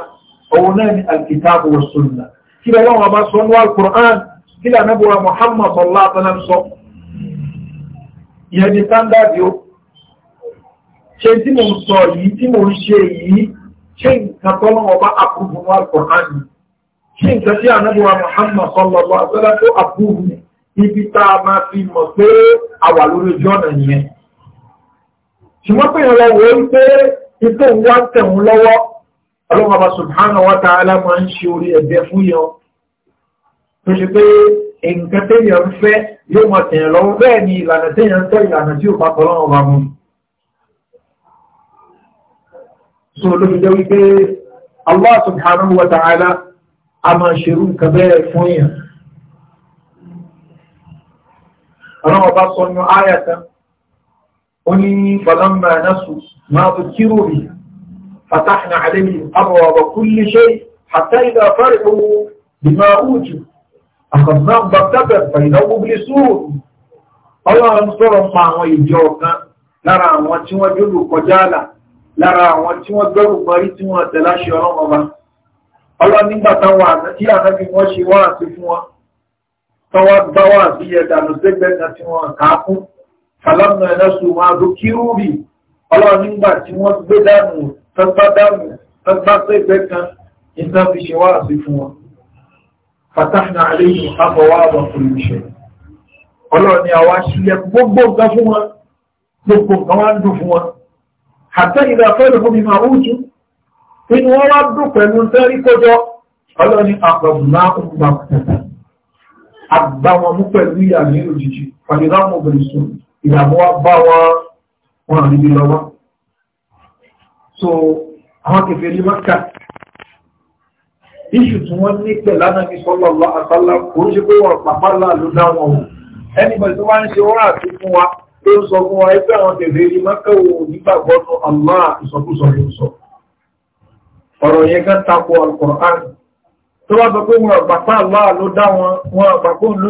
Speaker 1: òun náà ni àkìtàbù wa sunnah kí lọ́wọ́ wọn bá sọ ní al-Qur'an kí lọ́wọ́ Ànábì wa Muhammad sallallahu alaihi wasallam sọ ìyẹn ni sáńdáàdì ó ṣe tí mo ń sọ yìí tí mo ń ṣe yìí ṣe nǹkan tọ́lọ́wọ́ bá àpúrúfù ní al-Qur'an yìí ṣe nǹkan tí Ànábì wa Muhammad sallallahu alaihi wasallam tó àpúrúfù ibi tá a máa ṣùgbọ́n wá tẹ̀wọ̀n máa ń ṣe orí ẹ̀bẹ̀ fún yẹn tó ṣe pé nǹkan téèyàn ń fẹ́ yóò mọ̀ tẹ̀yàn lọ́wọ́ bẹ́ẹ̀ ni ìlànà téèyàn ń tọ́ ìlànà tí ò bá kọ́ lọ́wọ́ wa mú so ló fi jẹ́ wípé Allah subhanahu wa ta'ala a máa ṣerú nǹkan bẹ́ẹ̀ fún èèyàn ọlọ́wọ́ bá sọ nínú áyàtà ó ní falamma nasu ma dhukiru bi fatahna alayhim abwaaba kulli shay hatta idha farihu bima utu àkànnáà gbàtàbẹ̀ pẹ̀lú mublisūn ọlọ́run sọ̀rọ̀ pa àwọn ìjọ kan lára àwọn tí wọ́n jólù kọjá àlà lára àwọn tí wọ́n gbẹ́rù parí tí wọ́n tẹ̀lá ṣe ọlọ́run ọba ọlọ́run nígbà táwọn àti ànábì wọ́n ṣe wá àti fún wọn tọ́wọ́ bá wà sí ẹ̀dànù sẹ́gbẹ́ kan tí wọ́n kà fatahna alayhim abwaaba kulli shay ọlọ́run ni àwa sílẹ̀ gbogbo nǹkan fún wọn gbogbo nǹkan wá ń dùn fún wọn hatta idha falu mimma utu inú wọn wá dùn pẹ̀lú sẹ́rí kójọ ọlọ́run ni àpọ̀nà ọgbà pẹ̀lú àgbà lọ́wọ́ so àwọn kẹfẹ́ ní mọ́kà iṣu tí wọ́n ní pẹ̀lú Ànábì sallallahu alaihi wasallam kò ń ṣe pé wọ́n pàpá là ló dá wọn o ẹnìbọn tí wọ́n ń ṣe wọ́n àti fún wa tó ń sọ fún wa ẹgbẹ́ àwọn tẹ̀lé ní mọ́kẹ́wò nígbàgbọ́ Allah ìsọkúsọ ló sọ ọ̀rọ̀ kan tako Al-Qur'an tó wá sọ pé wọ́n pàpá là ló dá wọn wọ́n àpapọ̀ ló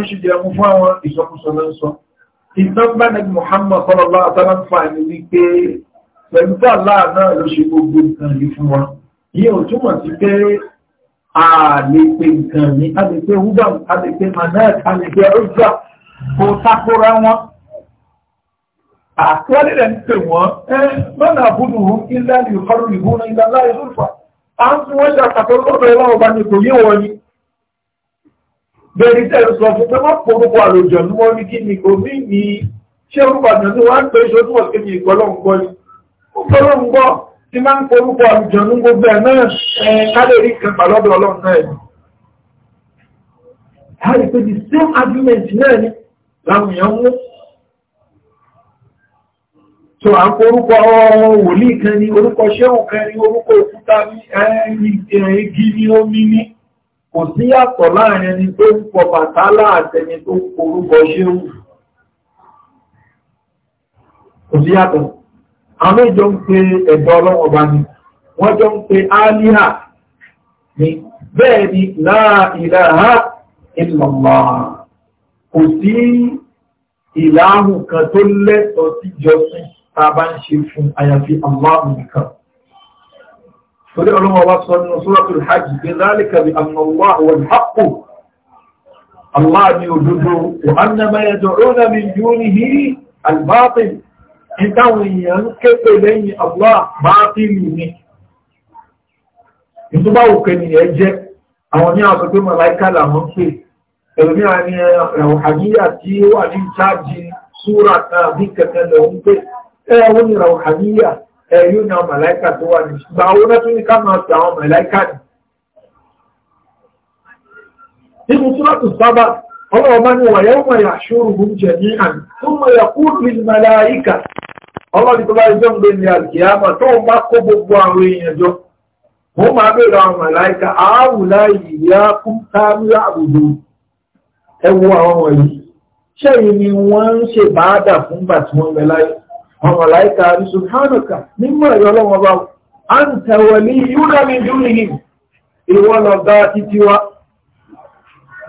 Speaker 1: Muhammad sallallahu alaihi wasallam fàánì wípé pẹ̀lú pàlá náà ló ṣe gbogbo nǹkan yìí fún wa àlèpé nǹkan ní àlèpé húgbà àlèpé manat àlèpé ọjọ́ kò takora wọn àkọọ́lẹ̀ rẹ̀ ń pè wọ́n mọ́nà àbúrò hún ilá ní ìfọ́rù ìbú ní ilá láì lórúfà a ń fún wọ́n ṣàkàtọ́ lọ́dọ̀ ẹwà ọba ní kò yé wọn ni bẹ̀rẹ̀ tẹ̀ sọ fún pé wọ́n porúkọ àlòjọ̀ ní wọ́n ní kí ni kò ní ní ṣé orúkọ àjọ̀ ní wọ́n á pè é ṣojú wọ́n kí ni ìgbọ́lọ́ tí máa ń korúkọ àjọ̀nú gbogbo ẹ̀ náà kálérí kan pàlọ́dọ̀ ọlọ́run náà ni. a rí pé the same argument náà ni láwọn èèyàn mú. so à ń korúkọ wòlíì kan ni orúkọ ṣéhùn kan ni orúkọ òkúta ní igi ní omi ní kò sí yàtọ̀ láàrin ẹni tó ń pọ bàtálà àtẹni tó ń korúkọ ṣéhùn kò sí yàtọ̀ àwọn ìjọ ń pe ẹ̀dọ́ ọlọ́run ọba ni wọ́n jọ ń pe áníhà ni bẹ́ẹ̀ ni láà ìlàhà ìlọ̀lọ̀ kò sí ìlàhùn kan tó lẹ́tọ̀ọ́ sí jọ́sìn tá a bá ń ṣe fún àyàfi aláhùn nìkan torí ìtàwọn èèyàn képe lẹ́yìn Allah bá tí lù ní ìtúbà òkè nìyẹn jẹ́ àwọn ní àwọn pẹ̀lú màláìkà làwọn pè ẹ̀lùmí àní ràwùhàníyà tí ó wà ní ìjáàjì súra kan àbí kẹ̀kẹ́ lọ ń pè ẹ̀wọ́n ní ràwùhàníyà ẹ̀yún ní àwọn màláìkà tó wà ní ìgbà owó lẹ́tún ní ká máa àwọn màláìkà ní. nínú súra tó sábà ọlọ́ọ̀bá ni wàyẹ́wọ̀n yà ṣòro ọlọ́ni tó bá rí jọ́ ń gbé ní àlùkìyàmọ̀ tó ń bá kó gbogbo àwọn èèyàn jọ mo máa bèèrè àwọn màláìka àáwù láì ìyá fún kámíra àbùdó ẹwọ àwọn wọ̀nyí ṣẹ́yìn ni wọ́n ń ṣe báádà fún gbà tí wọ́n mẹ́láyé àwọn màláìka ní subhanaka nímọ̀ ẹ̀yọ́ lọ́wọ́ bá a ń tẹ̀wọ̀ ní yúdà ní dúnìhìn ìwọ́ lọ bá títí wa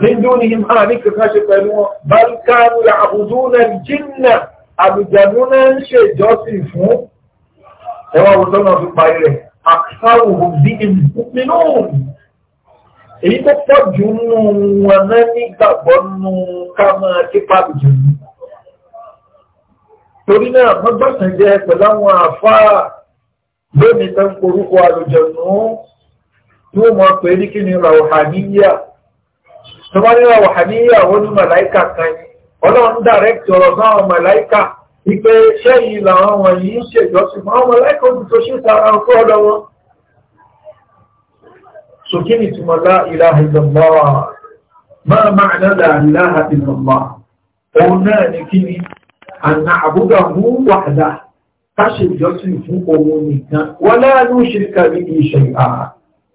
Speaker 1: ní dúnìhìn àní kẹfà ṣe pẹ̀lú wọn bá kámíra àbùdó náà àlùjànnú náà ń ṣèjọ́sìn fún ẹwà òótọ́ náà fi parí rẹ̀ àkàwò bí ìbùkún èyí tó pọ̀ jù nù wọn náà nígbàgbọ́ nù ká máa kípa àlùjànnú torí náà mọ́gbọ́sàn jẹ́ pẹ̀lú àwọn àfáà lónìí tó ń porúkọ àlùjànnú tí wọ́n mọ̀ pé ní kí ni ràwùhàníyà tó bá ní ràwùhàníyà wọ́n ní màláìkà kan ni ọlọ́run dàrẹ́kì ọ̀rọ̀ sáwọn màláìkà wípé ṣẹ́yìn làwọn wọ̀nyí ń ṣèjọsìn fún àwọn màláìkà ojú tó ṣe sára fún ọ̀dọ̀ wọn sókè ní túnmọ̀ láìláha ìdọ̀mọ́ máa máa náà láìláha ìdọ̀mọ́ òun náà ní kí ni àna àbúgbà mú wàdà káṣe ìjọsìn fún òun nìkan wọ́n láàánú ṣe iṣẹ́ ìhà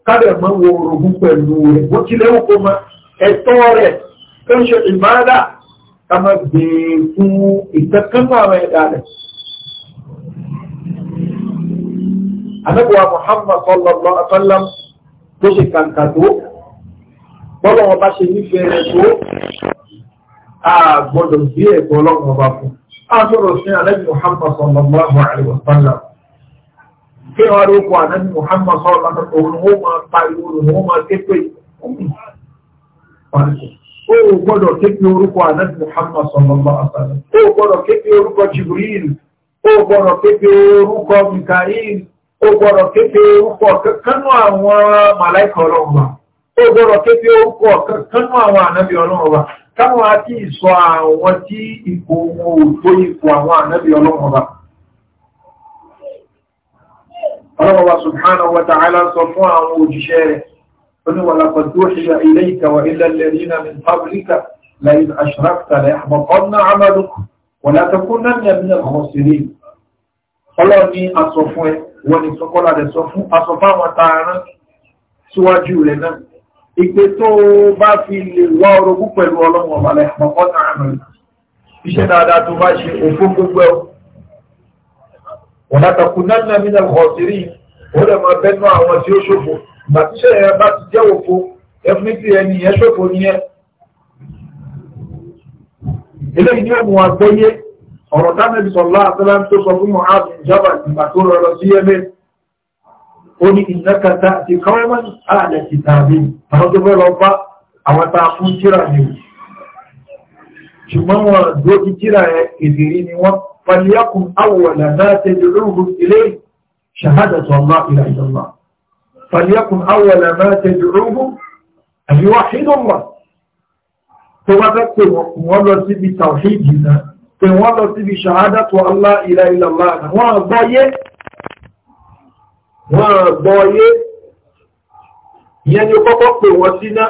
Speaker 1: kádẹ̀ ká má gbé fún ìkankan náà àwọn ẹ̀dá rẹ̀. Ànábì wa Muhammad sallallahu alaihi wa sallam tó ṣe kàǹkà tó bọ́lọ̀ ọba ṣe nífẹ̀ẹ́ rẹ̀ tó àgbọ̀dọ̀ sí ẹ̀kọ́ ọlọ́run ọba fún. A sọ̀rọ̀ sí Ànábì Muhammad sallallahu alaihi wa sallam. Kí wọ́n rí okùn Ànábì Muhammad sallallahu alaihi wa sallam òun ó máa pariwo òun ó máa ké pé. ó gbọ́dọ̀ képe orúkọ ànábì Muhammad sallallahu alaihi wasallam ó gbọ́dọ̀ képe orúkọ Jibril ó gbọ́dọ̀ képe orúkọ Mikael ó gbọ́dọ̀ képe orúkọ kankanú àwọn malaika ọlọ́run ó gbọ́dọ̀ képe orúkọ kankanú àwọn ànábì ọlọ́run káwọn àti ìsọ àwọn tí ipò wọn ò tó ipò àwọn subhanahu ta'ala sọ قل ولقد أوحي إليك وإلى الذين من قبلك لئن أشركت ليحبطن عملك ولا تكونن من الخاسرين Ọlọ́run ní aṣọ fún ẹ, wọ́n ni sọ́kọ́lá rẹ̀ sọ fún aṣọ fáwọn tààrán síwájú rẹ̀ náà. Ìpé tó bá fi lè wá orogún pẹ̀lú ọlọ́run ọ̀bàlẹ̀ àpapọ̀ tààrán rẹ̀. Iṣẹ́ dáadáa tó bá ṣe òfin gbogbo ẹ̀. Wọ̀n látàkùn náà ó dẹ̀ máa bẹ́nu àwọn tí ó ṣòfò gbàtíṣẹ́ yẹn bá ti jẹ́ òfo ẹfún tí ẹni yẹn ṣòfò nìyẹn eléyìí ni ó mú wa gbọ́yé ọ̀rọ̀ tánàbí sọ̀lá àtàlá tó sọ fún Mu'adh ìjábà ìgbà tó rọrọ sí ẹgbẹ́ ó ní ìnákàtà àti kọ́wọ́mọ́n ààlẹ̀ ti tàbí àwọn tó fẹ́ lọ bá àwọn tá fún tíra ni ṣùgbọ́n wọn dúró ti tíra ẹ kèfèrí ni wọ́n pàdéyàkùn awwala náà tẹ̀lé lóògùn ilé ṣàhádà sọ̀lá ìlà ìjọba فليكن أول ما تدعوه أن يوحدوا الله tó bá fẹ́ pè wọ́n lọ síbi tàwíìdì náà pè wọ́n lọ síbi ṣàádàtò Allah ilá ilá láàrín wọ́n gbọ́yé wọ́n gbọ́yé ìyẹn ni kọ́kọ́ pè wọ́n síná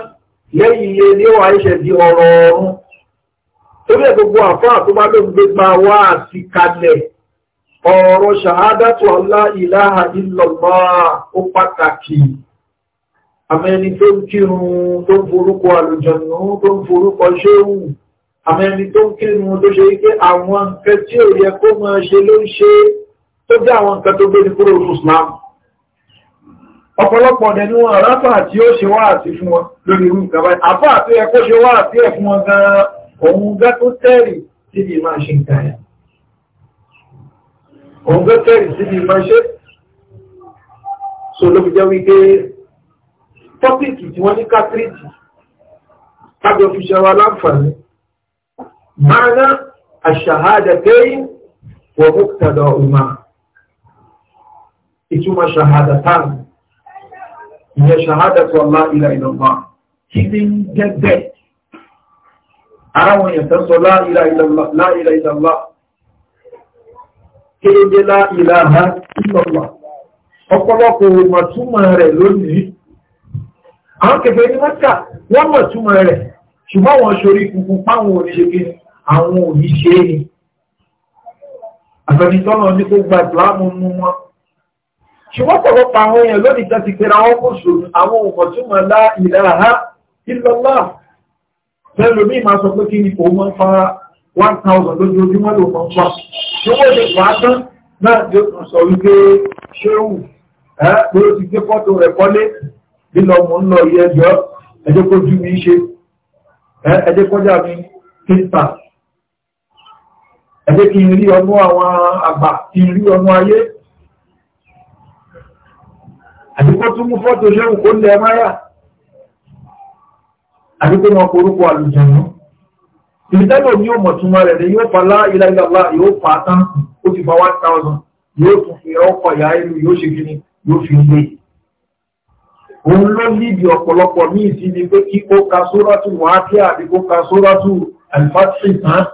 Speaker 1: lẹ́yìn ilé ní wà ṣẹ̀ di ọ̀rọ̀ ọ̀run tó bẹ́ẹ̀ gbogbo àfáà tó bá lóun gbé gba wá àti kalẹ̀ ọ̀rọ̀ ṣàhádàtù allá ìláhà ìlọ̀lá ó pàtàkì àmẹ́ni tó ń kírun tó ń forúkọ àlùjọ̀nù tó ń forúkọ ṣéhù àmẹ́ni tó ń kírun tó ṣe wípé àwọn nǹkan tí ò yẹ kó máa ṣe ló ń ṣe tó jẹ́ àwọn nǹkan tó gbéni kúrò ní islam ọ̀pọ̀lọpọ̀ ọ̀dẹ̀ wọn ráfà tí ó ṣe wáàsí fún wọn lórí irú nǹkan báyìí àfà tó yẹ kó ṣe wáàsí ẹ̀ fún wọn gan-an òun gẹ́ tẹ́rì síbi máa ṣe nǹkan yẹn òun fẹ́ kẹ́rì síbi ìmọ̀ṣẹ́ so ló fi jẹ́ wípé tọ́pìkì tí wọ́n ní kátírìtì tábí fi ṣe wa láǹfààní máa àṣàhádà tẹ́yìn wọ mọ́kútàdà ọ̀gbà ìtumọ̀ ṣàhádà táàmù ìyẹn ṣàhádà tó ọlá ilẹ̀ ìlọ́gbà kí ní jẹ́ bẹ́ẹ̀ ara tẹ́sọ láìlà ìlọ́gbà kéde lá ìlàhà ìlọ́wà ọ̀pọ̀lọpọ̀ mọ̀túmọ̀ rẹ̀ lónìí àwọn kẹfẹ́ ní mọ́ta wọ́n mọ̀túmọ̀ rẹ̀ ṣùgbọ́n wọ́n ṣorí kúkú páwọn oníṣègbè àwọn oníṣẹ́ ni àfẹnitọ́nà ní kó gba ìsìláàmù nú wọn ṣùgbọ́n pọ̀lọpọ̀ àwọn èèyàn lónìí tó ti pera wọn kò ṣòro àwọn òmọ̀túmọ̀ lá ìlàhà ìlọ́wà fẹ́lómi máa sọ pé kí ni òun máa ṣé wọ́n lè wá tán náà tí ó tún sọ wípé ṣéwù pé ó ti gbé fọ́tò rẹ̀ kọ́lé bí lọ mọ̀ ń lọ yẹ ẹjọ́ ẹjẹ́ kó jú mi ṣe ẹjẹ́ kọjá mi pípa ẹjẹ́ kí n rí ọmọ àwọn àgbà kí n rí ọmọ ayé àdíkọ́ tún mú fọ́tò ṣéwù kó lẹ̀ máyà àdíkọ́ wọn korúkọ àlùjẹ̀nù ìtẹ́lò ní ó mọ̀túnmọ́ rẹ̀ ní yóò pàlá ìlàìlàlá yóò pa tán ó ti fa 1000 yóò tún fi ọkọ̀ ìyá ìlú yóò ṣe gini yóò fi lé òun ló níbi ọ̀pọ̀lọpọ̀ ní ìsinmi pé kí ó ka sóràtù wáákí àbí kó ka sóràtù alifásitì tán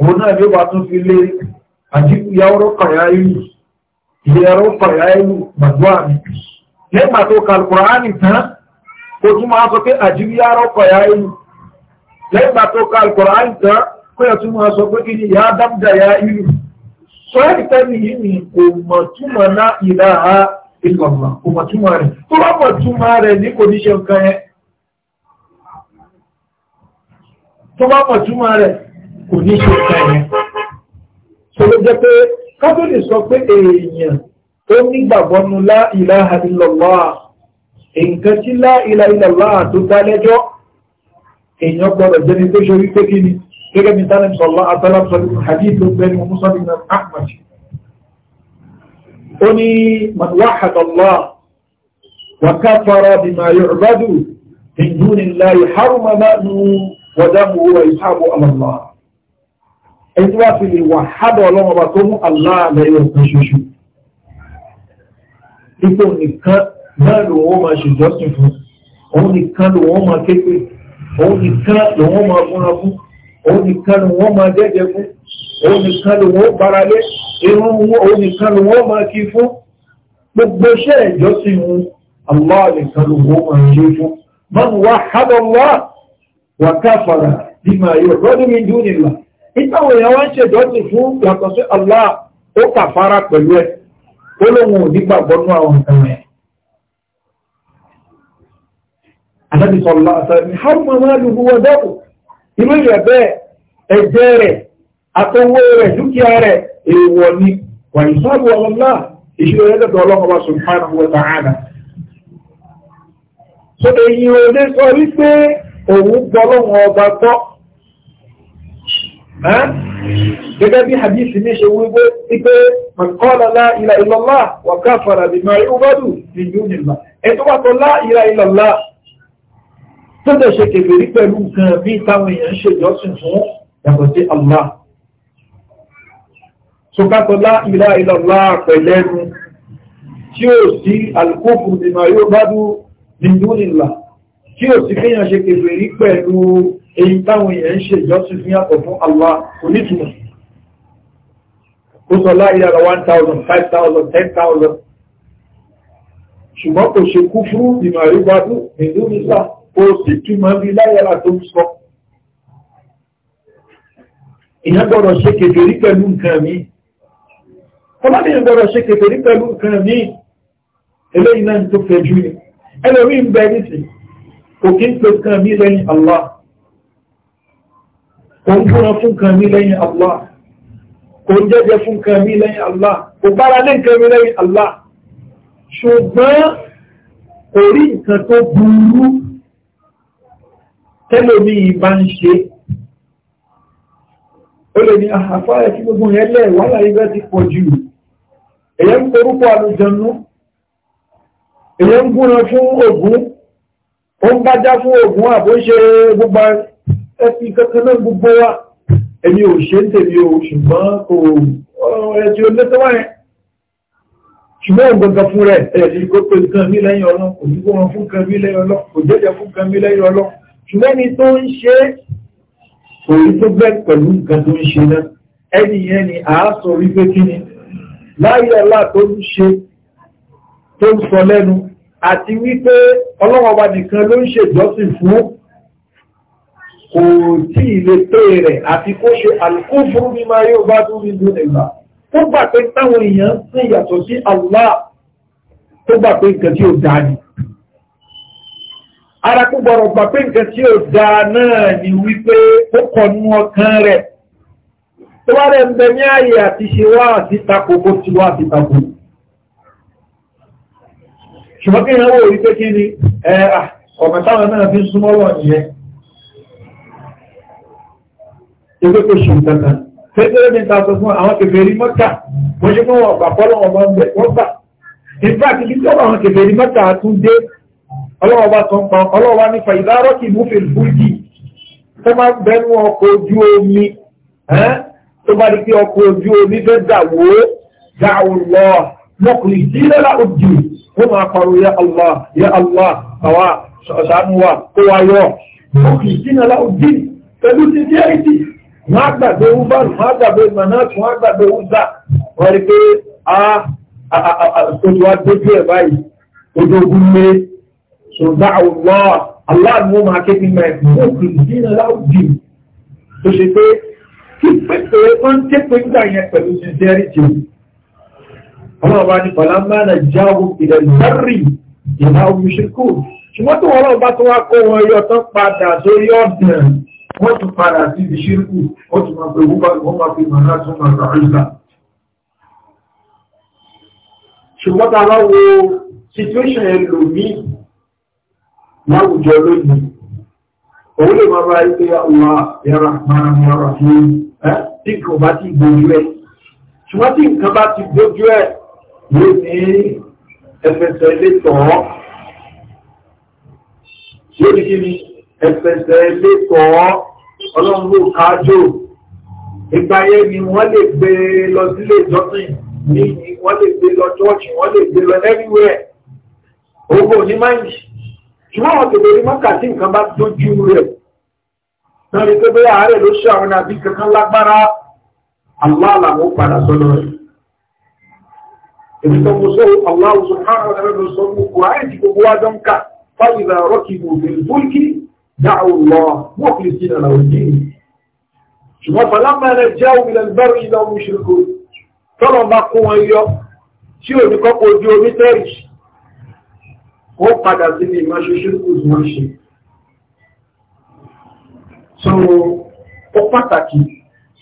Speaker 1: òun náà ní ó bá tún fi lé àdínkù ya ọrọ̀kọ̀ ìyá ìlú ìyá ọrọ̀kọ̀ ìyá ìlú gbàdúrà mi nígbà tó ka Kùránì tán ó tún máa sọ pé àdínkù ya ọrọ̀kọ̀ ìyá ìlú lẹ́gbà tó ka alkùnrin tán kó yẹ túnmọ̀ sọ pé kí ni ìyá dámdà ya irú sọ ẹ́rì tẹ́lì yìí ni kò mọ̀ túnmọ̀ ná ìlà ha ìlọ̀mà kò mọ̀ túnmọ̀ rẹ̀ tó bá mọ̀ túnmọ̀ rẹ̀ ní kò ní ṣe nǹkan yẹn tó bá mọ̀ túnmọ̀ rẹ̀ kò ní ṣe nǹkan yẹn sọ jẹ́ pé kábílì sọ pé èèyàn tó nígbàgbọ́nu lá ìlà ha ìlọ̀lá nǹkan tí lá ìlà ìlọ̀lá tó dá lẹ́jọ́ èèyàn gbọ́dọ̀ jẹ́ni tó ṣe wípé kí ni gẹ́gẹ́ bí tánà sọ̀lá àtàlàpọ̀lù hadith ló bẹ́ni musa bin ahmad ó ní man wahada Allah wa kafara bima yu'badu min dunillahi haruma ma'nu wa damuhu wa yusabu ala ipò nìkan náà lòun ó máa ṣèjọ́sìn fún òun nìkan lòun ó máa képe òun nìkan ló wọ́n máa múra fún òun nìkan ló wọ́n máa jẹ́jẹ fún òun nìkan ló wọ́n bára lé irun òun nìkan ló wọ́n máa kí fún gbogbo iṣẹ́ ìjọsìn wọn Allah nìkan ló wọ́n máa ṣe fún man wahhada Allah wa kafara bima yu'badu min dunillah ìtàwọn èèyàn wá ń ṣe ìjọsìn fún yàtọ̀ sí Allah ó kàfàrà pẹ̀lú ẹ̀ ó lóun ò nígbàgbọ́nú àwọn nǹkan yẹn ànábì sọ̀lá àtàrí hàmà máa lù wọ́n dọ́kù irú ìyẹ̀ bẹ́ẹ̀ ẹ̀jẹ̀ rẹ̀ àtọwọ́ rẹ̀ dúkìá rẹ̀ èèwọ̀ ni wà ní sábà ọlọ́lá ìṣirò rẹ̀ dẹ̀dọ̀ ọlọ́mọba subhanahu wa ta'ala so èyí ò lè sọ wípé òun gbọ́ lọ́wọ́ ọba gbọ́ gẹ́gẹ́ bí hadith ní ṣe wípé ipé mọ̀kọ́lá láìlà ìlọ́lá wà káfàrà bí máa ń bọ́dù ní yúnilá ìlọ́lá tó dẹ̀ ṣe kèfèrí pẹ̀lú nǹkan bí táwọn èèyàn ṣe jọ́sìn fún yàtọ̀ sí Allah so kátọ́lá ìlà ìlàlá pẹ̀lẹ́nu tí ó sí alkófù nìmọ̀ yóò bá dú nìdú nìlà tí ó sì kéèyàn ṣe kèfèrí pẹ̀lú èyí táwọn èèyàn ṣe jọ́sìn fún yàtọ̀ fún Allah onítùmọ̀ ó sọ láyé ara 1000 5000 10000 ṣùgbọ́n kò ṣe kú fún ìmọ̀ àríwá nìdú ó sì túmọ̀ bí láyára tó ń sọ ìyẹn gbọ́dọ̀ ṣe kèfèrí pẹ̀lú nǹkan mi ọmọdé yẹn gbọ́dọ̀ ṣe kèfèrí pẹ̀lú nǹkan mi eléyìí náà tó fẹ́ jù ní ẹlòmí ń bẹ nìsín kò kí ń pe nǹkan mi lẹ́yìn Allah kò ń fúnra fún nǹkan mi lẹ́yìn Allah kò ń jẹ́jẹ́ fún nǹkan mi lẹ́yìn Allah kò bára lé nǹkan mi lẹ́yìn Allah ṣùgbọ́n kò rí nǹkan tó burú tẹ́lómi ìbá ń ṣe ó lè ní àfáà tí gbogbo yẹn lẹ̀ wàhálà ibẹ̀ ti pọ̀ jù èyẹ ń korúkọ àlùjọnú èyẹ ń gúnra fún Ògún ó ń bájá fún Ògún àbó gbogbo ẹbí kankan náà gbogbo wa èmi ò ṣe ń tèmi o ṣùgbọ́n kò ẹ̀jẹ̀ olóṣèlú wáyẹn ṣùgbọ́n gbogbo fún rẹ̀ ẹ̀jẹ̀ kó pé nǹkan mi lẹ́yìn Ọlọ́run kò ní kó wọn fún nǹkan mi lẹ́yìn Ọlọ́run kò jẹ́jẹ́ fún nǹkan mi lẹ́yìn Ọlọ́run ṣùgbẹ́ni tó ń ṣe kò rí tó bẹ́ pẹ̀lú nǹkan tó ń ṣe náà ẹni yẹn ni a sọ wípé kí ni láyé ọlá tó ń ṣe tó ń sọ lẹ́nu àti wípé ọlọ́wọ́ba nìkan ló ń ṣe ìjọsìn fún kò tí ilé pé rẹ̀ àti kó ṣe alkúfúrú ní máa yóò bá tó rí lónìí tó gbà pé táwọn èèyàn ń sìn yàtọ̀ sí Allah tó gbà pé nǹkan tí ó dáa ni ara kó gbọ́rọ̀ gbà pé nǹkan tí ó dá náà ni wípé ó kọ̀nú ọkàn rẹ̀ tó bá rẹ̀ ń bẹ ní ààyè àti ṣe wá àti tako bó ti wá àti tako ṣùgbọ́n kí ìyàwó orí pé kí ni ọmọ táwọn náà fi ń súnmọ́ wọ̀ nìyẹn ewé kò ṣe nǹkan kan fẹ́tẹ́rẹ́ mi ta sọ fún àwọn kèfèrí mọ́ta wọ́n ṣe fún ọ̀pá fọ́lọ́ bẹ̀ wọ́n gbà in fact ibi tí ọ̀pá àwọn kèfèrí mọ́ta tún dé ọlọ́wọ́ bá tán pọn ọlọ́wọ́ ní fàìdárọ́kì múfèl búrúkì tó máa bẹnu ọkọ̀ ojú omi tó bá di pé ọkọ̀ ojú omi fẹ́ dàwó dàwó lọ mọ́kùnrin ìdílé la ojú ó máa parọ́ yẹ allah yẹ allah àwa ṣàánú wa kó wa yọ mọ́kùnrin ìdílé la ojú pẹ̀lú ti di àìsí wọ́n á gbàgbé uber wọ́n á gbàgbé manas wọ́n á ṣùgbọ́n àwùlọ́ aláàmú máa ké nígbà ẹ̀kọ́ òkè ìdílé láwùjì tó ṣe pé kí pépè wọ́n ń tẹ́pẹ́ nígbà yẹn pẹ̀lú sincerity ọlọ́run bá ní pàlá tó wá kó wọn yọ tán padà sórí ọ̀dẹ̀ wọ́n tún padà sí ibi ṣírkù wọ́n tún máa pè wọ́n máa fi màá tún máa rà ṣùgbọ́n tá wo situation ẹlòmíì láwùjọ lónìí òun lè máa bá ipé àwọn ẹ̀rọ àmàràn ọ̀rọ̀ àfihàn tí nǹkan bá ti gbójú ẹ̀ ṣùgbọ́n tí nǹkan bá ti gbójú ẹ̀ ló ní ẹfẹsẹ̀ ilé tọ̀ọ́ lórí kí ni ẹfẹsẹ̀ ilé tọ̀ọ́ ọlọ́run ló káájò ìgbà yẹn ni wọ́n lè gbé lọ sílé ìjọsìn ní wọ́n lè gbé lọ chọ́ọ̀chì wọ́n lè gbé lọ everywhere owó onímáyìí ṣùgbọ́n àwọn tèbè rí mọ́kà tí nǹkan bá dójú rẹ̀ náà rí pé bí ààrẹ ló ṣe àwọn àbí kankan lágbára aláàlàmó padà sọ́dọ̀ rẹ̀ èmi tó mú sọ́wọ́ aláwọ̀ sọ̀rọ̀ ẹ̀rọ sọ mú kò ààrẹ tí gbogbo wa dán ká fáyìlà rọ́kì mú fi fúlkì dáhùn lọ wọ́n fi sí ìrànlọ́ òjì kó wọn yọ tí òní kọ́kọ́ ojú omi ó padà sí ní ìmọ̀ṣoṣo kù so ó pàtàkì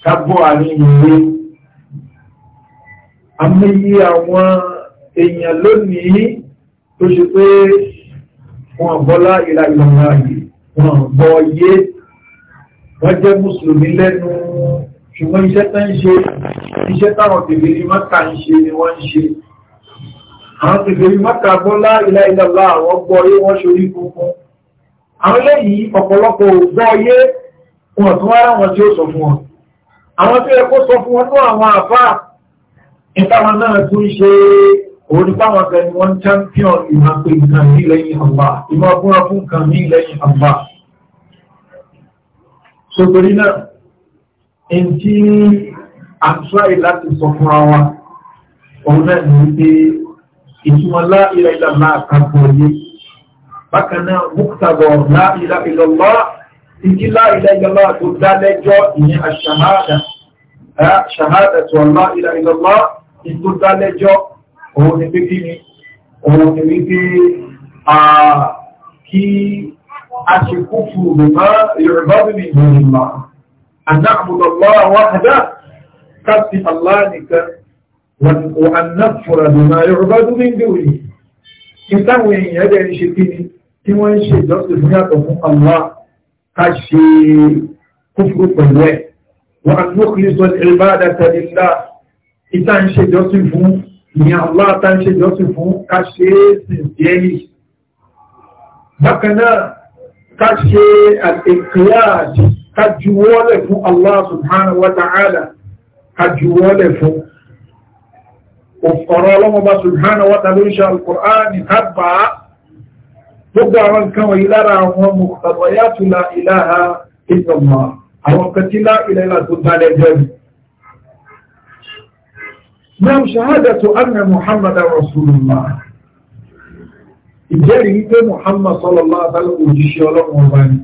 Speaker 1: ká bọ́ àárín ìwé amẹ́yí àwọn èèyàn lónìí tó ṣe pé wọn bọ́lá ìlà ìlànà yìí wọn bọ́ yé wọ́n jẹ́ mùsùlùmí lẹ́nu ṣùgbọ́n iṣẹ́ tán ń ṣe iṣẹ́ táwọn tèbìrì mọ́ta ń ṣe ni wọ́n ń ṣe àwọn ti fèrí mọ́ta gbọ́ láìlá ìdàlá àwọn gbọ́ yé wọ́n ṣorí kúnkún àwọn lẹ́yìn ọ̀pọ̀lọpọ̀ gbọ́ yé wọn tún wá ráwọn tí ó sọ fún wọn àwọn tí ó yẹ kó sọ fún wọn ní àwọn àfá ìtàwọn náà tún ṣe onípáwọn kan ni wọ́n champion ìmọ̀ pé nǹkan ní lẹ́yìn àmbá ìmọ̀ búra fún nǹkan ní lẹ́yìn àmbá sotori náà ẹni tí àtúráì ìtumọ̀ láìlà ìlàlá àkàkọ̀ yé bákaná múktàbọ̀ láìlà ìlọ́lá ìdí láìlà ìlọ́lá tó dálẹ́jọ́ ìyẹn àṣàhádà ṣàhádà tó láìlà ìlọ́lá ìtó dálẹ́jọ́ òun ni pé kíni òun ni wípé kí a ṣe kú fún òmìnà yorùbá Allah nìkan وأن نغفر بما يعبد من دونه ìtàwọn èèyàn ẹgbẹ́ ń ṣe kí ni tí wọ́n ń ṣe ìjọsìn fún yàtọ̀ fún Allah ká ṣe kúfúrú pẹ̀lú ẹ̀ wọ́n an nukhlisu al-ibadata lillah ìta ń ṣe ìjọsìn fún ìyá Allah ta ń ṣe ìjọsìn fún ká ṣe sincerely bákan náà ká ṣe al-inqiyad ká juwọ́lẹ̀ fún Allah subhanahu wa ta'ala ká juwọ́lẹ̀ fún ọ̀rọ̀ ọlọ́mọba subhanahu wa ta'ala insha al-Qur'an kábà gbogbo àwọn nǹkan wọ̀nyí lára àwọn muqtadayatu la ilaha illallah àwọn kẹtílá ìlàlá tó dálẹ̀ jẹ́rì náà shahadatu anna muhammadan rasulullah ìjẹ́rìí wípé muhammad sallallahu alaihi òjíṣẹ́ ọlọ́run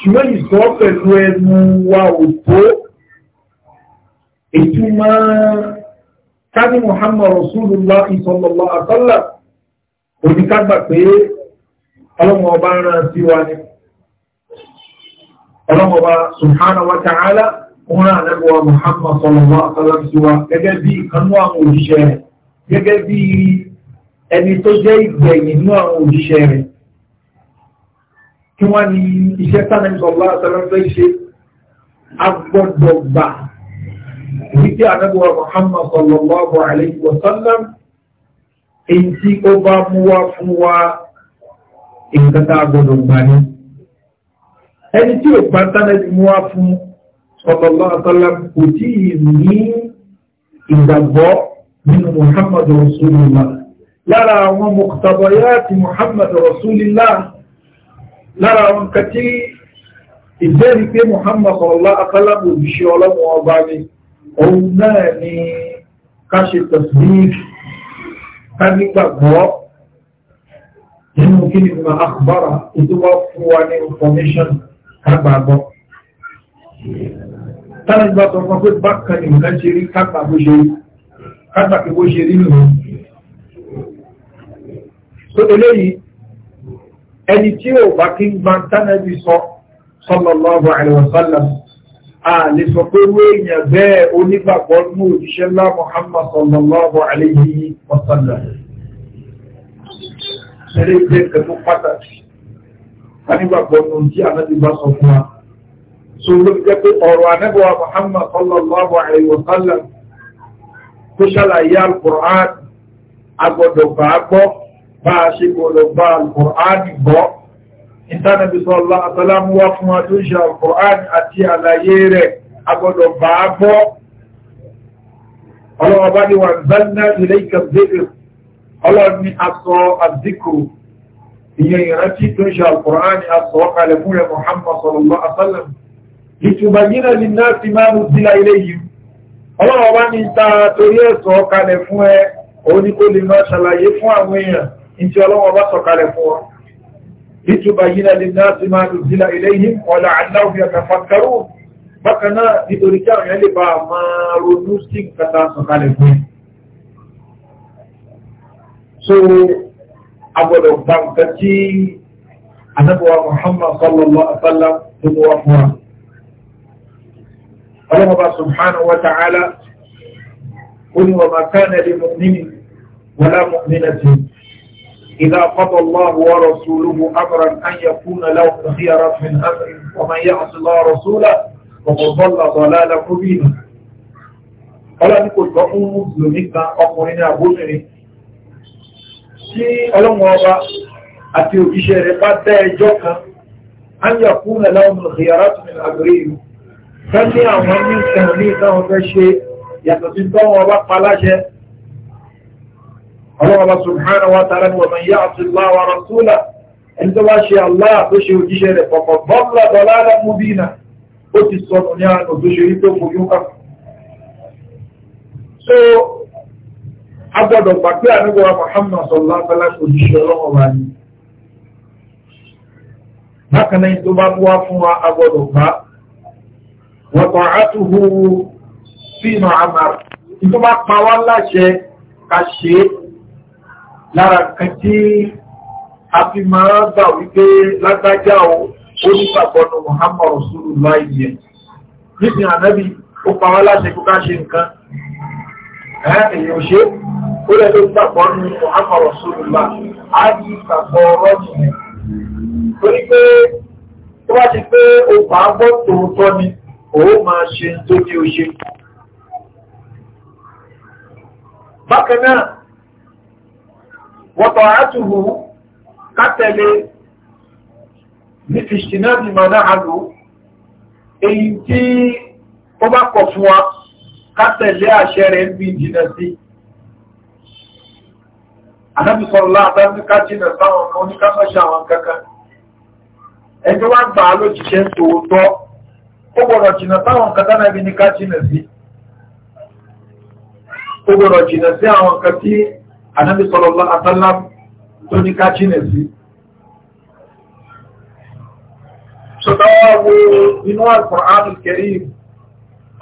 Speaker 1: ṣùgbọ́n ìsọ́ pẹ̀lú ẹnu wa ò tó ìtumọ̀ káni Muhammad Rasulullah sallallahu alaihi wasallam oníkágbà pé ọlọ́mọ ọba ń rán sí wa ni ọlọ́mọ ọba subhanahu wa ta'ala ń rán àlẹ́bọ̀wà Muhammad sallallahu alaihi wasallam sí wa gẹ́gẹ́ bí ìkanú àwọn òṣìṣẹ́ rẹ̀ gẹ́gẹ́ bí ẹni tó jẹ́ ìgbẹ̀yìn nínú àwọn òṣìṣẹ́ rẹ̀ kí wọ́n ní iṣẹ́ tánàkọ̀ọ́lá àtàlọ́fẹ́ ṣe agbọ́dọ̀gbà wípé ànábọ̀wà Muhammad sallallahu alayhi wa sallam èyí tí ó bá mú wá fún wa ìkàtà agbọ́dọ̀gbà ní ẹni tí ó bá tánàkì mú wá fún sallallahu alayhi wa sallam kò tí ì ní ìgbàgbọ́ nínú Muhammad rasulillah lára àwọn muqtadayati Muhammad rasulillah lára àwọn nǹkan tí ìjẹ́rìí pé Muhammad ọ̀lá akálàbò ìṣẹ́ ọlọ́mọ ọba ni òun náà ni ká ṣe tẹ̀síìkì ká nígbàgbọ́ nínú kí ni information kágbàgbọ́ tánà ìgbà tó fún pé bákan ní nǹkan ṣe rí kágbà ṣe rí kágbà kí so eléyìí ẹni tí ò bá kí ń gba tánàbí sọ sallallahu alaihi wasallam a lè sọ pé wé èèyàn bẹ́ẹ̀ onígbàgbọ́ ní òjíṣẹ́ ńlá Muhammad sallallahu alaihi wasallam ẹ̀rẹ́ ìgbẹ́ kẹtù pàtàkì anígbàgbọ́ ní ojí ànábì bá sọ fún wa so ló jẹ́ bá a ṣe gbọ́dọ̀ bá alkùránì gbọ́ ìtànàbí sọ́lá àtàlámú wá fún wa tó ṣe alkùránì àti àlàyé rẹ̀ agbọ́dọ̀ bá a gbọ́ ọlọ́wọ́ bá ní wà zanna ilé ìkàzẹ́rẹ̀ ọlọ́run ní aṣọ àzíkùrù ìyẹn ìrántí tó ṣe alkùránì aṣọ kalẹ̀ fún rẹ̀ muhammad sallallahu alaihi ìtùbàyínà lè náà ti máa mú sílá ilé yìí ọlọ́wọ́ bá ní ta torí ẹ̀sọ́ kalẹ̀ fún ẹ òní kó lè máa ṣàlàyé fún àwọn èèyàn ìtí ọlọ́wọ́ bá sọ̀kalẹ̀ fún wa ìtùbà yínà lè náà sí máa lùzílà iléyìn wọ́n láàrín àkàfàkàrù bákan náà nítorí kí àwọn yẹn lè bá máa ronú sí kàtà sọ̀kalẹ̀ fún so agbọ́dọ̀ gba nǹkan tí anábọ̀wá Muhammad sallallahu alaihi wa sallam tó mú wa fún wa ọlọ́wọ́ bá subhanahu wa ta'ala ó ní إذا قضى الله ورسوله أمرا أن يكون له خيرا من أمره ومن يعص الله رسوله فقد ضل ضلالا مبينا ọlọ́ni kò tọ́ fún mùsùlùmí kan ọkùnrin ní àbóbìnrin tí ọlọ́run ọba àti òbíṣẹ́ rẹ̀ bá dá ẹjọ́ kan á ń yà fún ẹ̀láwọn ìyàrá tún ní àgbèrè ìlú tán ní àwọn ní ìtàn ní ìtàn fẹ́ ṣe yàtọ̀ sí tọ́wọ́n ọba paláṣẹ Allah subhanahu wa ta'ala wa man ya'ti Allah wa rasulahu ẹni tó bá ṣe Allah tó ṣe òjíṣẹ́ rẹ̀ pọ̀pọ̀ bọ́ọ̀lá dọ̀lára mubina ó ti sọnù ní àánú tó ṣe rí fojú ká. So, a gbọ́dọ̀ gbà pé àníwọ̀ Muhammad sallallahu alaihi wasallam òjíṣẹ́ ọlọ́wọ́ wa ni. Bákan náà tó bá wá fún wa a gbọ́dọ̀ gbà. Wa ta'atuhu fima amara. Ìtọ́ bá pa wá láṣẹ ká ṣe é lára kan tí a fi máa gbà wípé lágbájá o ó ní pàpọ̀nù Muhammad Rasulullah yẹn nísìn ànábì ó pa wá láti kó ká ṣe nǹkan èèyàn ṣe ó lẹ́ ló gbàgbọ́ ní Muhammad Rasulullah á ní ìgbàgbọ́ ọ̀rọ̀ nìyẹn torí pé tó bá ti pé o bá gbọ́ tòótọ́ ni ó máa ṣe tó ní o ṣe bákan náà wọ́tọ̀ àtùhù kátẹ̀lé ní fìṣìnà bí mọ̀ náà lò èyí tí ó bá kọ̀ fún wa kátẹ̀lé àṣẹ rẹ̀ ń bí jìnà sí Ànábì sọ̀rọ̀lá àtàríká jìnà sáwọn kan ní kámọ́ṣà àwọn kankan ẹjọ́ wá gbà á lójíṣẹ́ tòótọ́ ó gbọ́dọ̀ jìnà sáwọn kan tánàbí ní ká jìnà sí ó gbọ́dọ̀ jìnà sí àwọn kan tí anábì sọ̀rọ̀ àtàlá tó ní ká jìnà sí sọ̀tọ́wọ́ inú Al-Qur'anul Karim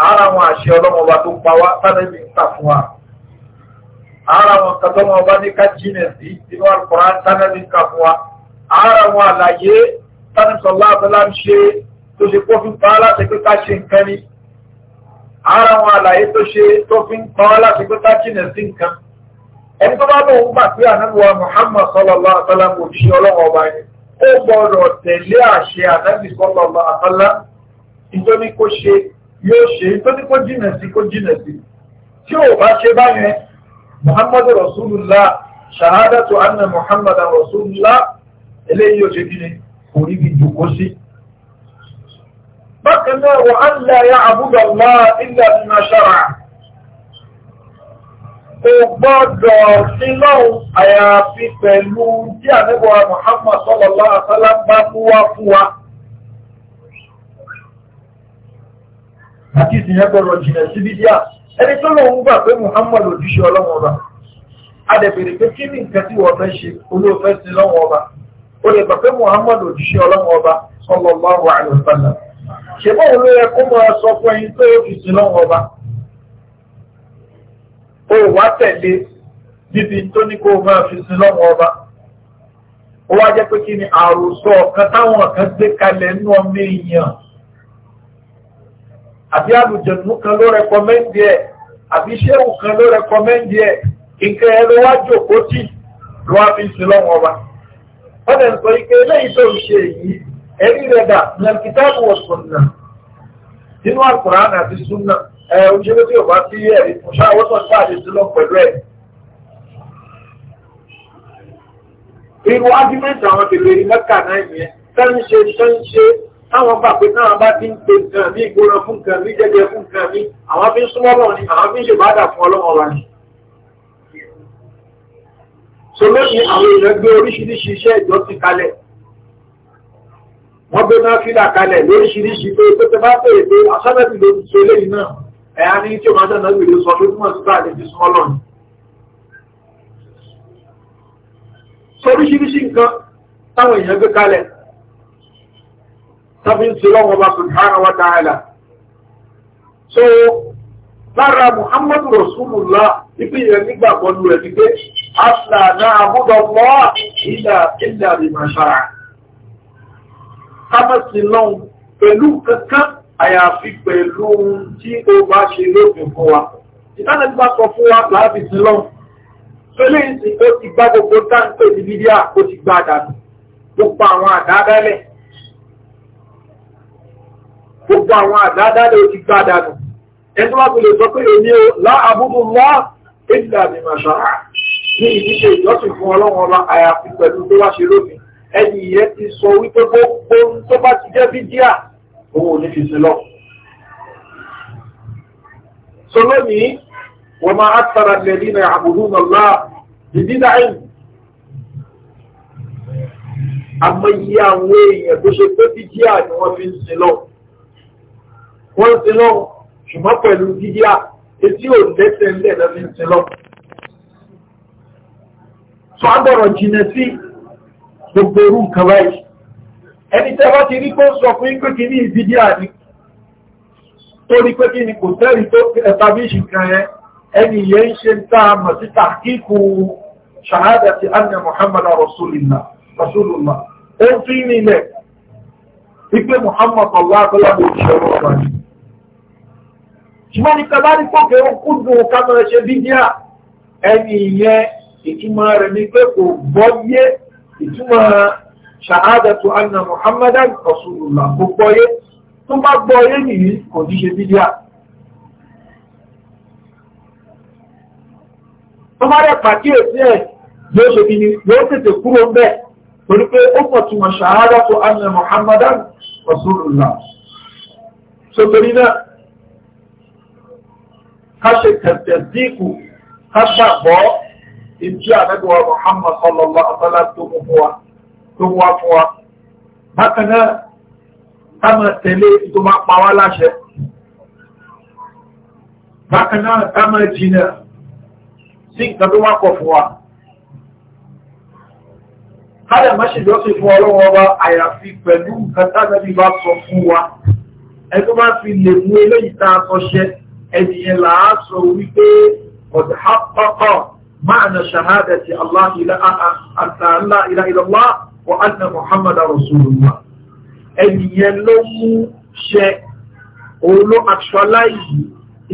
Speaker 1: ara wọn àṣẹ ọlọ́mọba tó pa wá tánẹ́bì ń tà fún wa ara wọn kàtọ́mọba ní ká jìnà sí inú Al-Qur'an tánẹ́bì ń kà fún wa ara wọn àlàyé tánẹ́bì sọ̀rọ̀ ń ṣe tó ṣe kó fi pa láti pé ká ṣe nǹkan ni ara wọn àlàyé tó ṣe tó fi ń pa láti pé ká jìnà sí nǹkan ni ẹni tó bá lóun gbà pé ànábìwá Muhammad sallallahu alaihi wasallam òṣìṣẹ́ ọlọ́wọ́ ọba yẹn ó gbọ́dọ̀ tẹ̀lé àṣẹ ànábì sallallahu alaihi wasallam nítorí kó ṣe yóò ṣe nítorí kó jìnà sí kó jìnà sí tí ò bá ṣe báyẹn Muhammad rasulullah shahadatu anna Muhammad rasulullah eléyìí ò ṣe kí ni kò rí bí jòkó sí. bákan náà wà á ń lè àbúdọ̀ kò gbọ́dọ̀ sílọ́un àyàfi pẹ̀lú tí àníwọ̀ Muhammad sallallahu alaihi wasallam bá fúwá fúwá. Àti ìsìnyẹ́ gbọ́dọ̀ jìnà sí bí díà, ẹni tó lóun gbà pé Muhammad òjíṣẹ́ ọlọ́wọ́ ọba. A dẹ̀ bèrè pé kí ni nǹkan tí wọ́n fẹ́ ṣe olóòfẹ́ sí lọ́wọ́ ọba. O lè gbà pé Muhammad òjíṣẹ́ ọlọ́wọ́ ọba sallallahu alaihi wasallam. Ṣé bóun ló yẹ kó máa sọ fún ẹyin tó fi sí o wá tẹ̀lé níbi tó ní kó máa fi sin lọ́wọ́ ọba ó wá jẹ́ pé kí ni àròsọ ọ̀kan táwọn kan gbé kalẹ̀ nínú ọmọ èèyàn àbí àlùjẹ̀nù kan ló rẹkọmẹ́ndì ẹ̀ àbí ṣéwù kan ló rẹkọmẹ́ndì ẹ̀ nǹkan ẹ̀rọ wá jòkó tì ló wá fi sin lọ́wọ́ ọba wọ́n dẹ̀ ń sọ ike eléyìí tó ń ṣe èyí ẹ̀rí rẹ̀ dà nàìjíríà wọ̀ náà nínú àkùrá àti sùn ẹ ojú ló tí ò bá sí ẹ̀rí fún ṣáwọ́ sọ sí àdé sí lọ pẹ̀lú ẹ̀. irú ágímẹ́ntì àwọn bèbè mẹ́kà náà yẹn sẹ́ni ṣe sẹ́ni ṣe táwọn gbà pé náà bá ti ń pe nǹkan mí ìgbóná fún nǹkan mí jẹjẹ fún nǹkan mí àwọn fi ń súnmọ́ lọ ni àwọn fi ń ṣèbádà fún ọlọ́wọ́ wa ni. so lónìí àwọn èèyàn gbé oríṣiríṣi iṣẹ́ ìjọsìn kalẹ̀ wọ́n gbé náà fílà kalẹ̀ lóríṣiríṣi pé pé tẹ bá pèrè pé àṣọ́bẹ̀bì ló ń ṣe léyìn náà ẹ̀yà ní tí o máa tẹ̀lé ìwé sọ ló túmọ̀ sí káàdé ti súnmọ́ lọ́nà. sọ oríṣiríṣi nǹkan táwọn èèyàn gbé kalẹ̀ tàbí ń ṣe lọ́wọ́ bá subhanahu wa ta'ala. so lára muhammadu rasulullah ibi yẹn nígbàgbọ́ lu ẹ̀ ní pé asla náà àbúdọ̀ mọ́ ìlà ìlà ìmọ̀ ṣara. ká pẹ̀lú kankan àyàfi pẹ̀lú ohun tí ó bá ṣe lófin fún wa ìtànà tí bá sọ fún wa láàbì sí lọ́wọ́ pẹ̀lú ìsìn ó ti gbá gbogbo táǹpẹ̀ ní bídíà ó ti gbá àdánù gbogbo àwọn àdádálẹ̀ gbogbo àwọn àdádálẹ̀ ó ti gbá àdánù ẹni wá kò lè sọ pé èmi o láàbùdù lọ́ ìlà mi mà ṣàrà ní ìdíje ìjọsìn fún ọlọ́run ọba àyàfi pẹ̀lú tó wá ṣe lófin ẹni ìyẹn ti sọ wípé gbogbo ohun tó bá ti jẹ́ bídíà òun ò ní fi sílọ. so lónìí wọ́n máa á tara lẹ́ni na àbùdó nàlá ìdídá ẹ̀ àmọ́ iye àwọn èèyàn tó ṣe pé dídíà ni wọ́n fi ń sílọ. wọ́n ń sílọ ṣùgbọ́n pẹ̀lú dídíà etí ò lẹ́sẹ̀ ńlẹ̀ lọ́fi ń sílọ. so agbọ̀rọ̀ jìnà sí gbogbo orú nǹkan báyìí ẹni tẹ́wọ́ ti rí kó sọ fún ipé kí ní ìbídí àní tó rí pé kí ni kò tẹ́rì tó ẹ̀tàbíṣì kan ẹ ẹni yẹ ń ṣe ń tá a mọ̀ sí tàkíkù ṣàhádà ti anna muhammad rasulullah ó ń fi nílẹ̀ ipé ní tabari pòkè ó kúndùn kámọ́ ẹṣẹ́ ṣàádẹ́tò anna muhammadan rasulullah kò gbọ́yé tó bá gbọ́yé nìyí kò ní ṣe bídíà tó bá rẹ̀ pàkíyèsí ẹ̀ yóò ṣe bí ni yóò tètè kúrò ń bẹ̀ torí pé ó pọ̀ tí wọ́n ṣàádẹ́tò anna muhammadan rasulullah so torí náà ká ṣe tẹ̀tẹ̀ díkù ká gbàgbọ́ ìjú àmẹ́gbẹ̀wà muhammad sallallahu alaihi wa sallam tó mú wa tó mú wá fún wa bákan náà ká máa tẹ̀lé tó máa pa wá láṣẹ bákan náà ká máa jìnà sí nǹkan tó wá kọ̀ fún wa kádà má ṣe lọ́sẹ̀ fún ọlọ́wọ́ ọba àyàfi pẹ̀lú nǹkan tábẹ́bí bá sọ fún wa ẹ tó bá fi lè mú eléyìí tá a sọ ṣẹ ẹnìyẹn là á sọ wípé ọ̀dà hápápá máa nà ṣàhádà ti aláìláìlá wa anna muhammadu rasulullah ẹnìyẹn ló mú ṣe òun ló actualize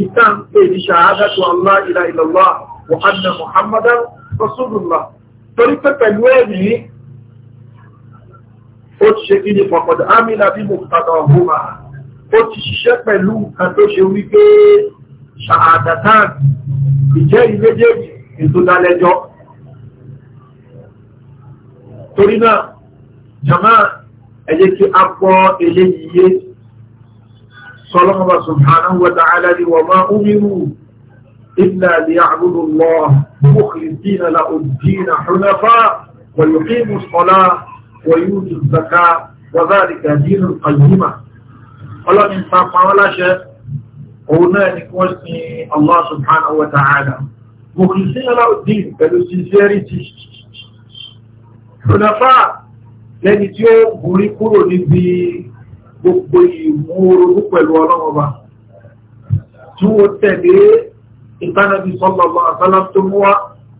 Speaker 1: ìtàn pé ní ṣàhádàtò allah ilá ìlọ́lá wa anna muhammadu rasulullah torí pé pẹ̀lú ẹ̀mí ó ti ṣe gidi pọ̀pọ̀dà ámìlà bí mo padà ọ̀húnmá ó ti ṣiṣẹ́ pẹ̀lú nǹkan tó ṣe wípé ṣàhádàtàn ìjẹ́ ìméjèèjì ètò torí náà jama ẹjẹ́ kí a gbọ́ eléyìí yé sọlọ́mọba subhanahu wa ta'ala ni wọ́n máa ń rírù illa liya'budu Allah mukhlisina lahu ad-din hunafa wa yuqimu as-salata wa yu'tu az-zakata wa Kùnàfà lẹ́ni tí ó gúrí kúrò níbi gbogbo ìmúorogún pẹ̀lú ọlọ́mọba. Tí ó tẹ̀lé ìtànàbí sọ́lọ̀lọ́ àtàlá tó mú wá,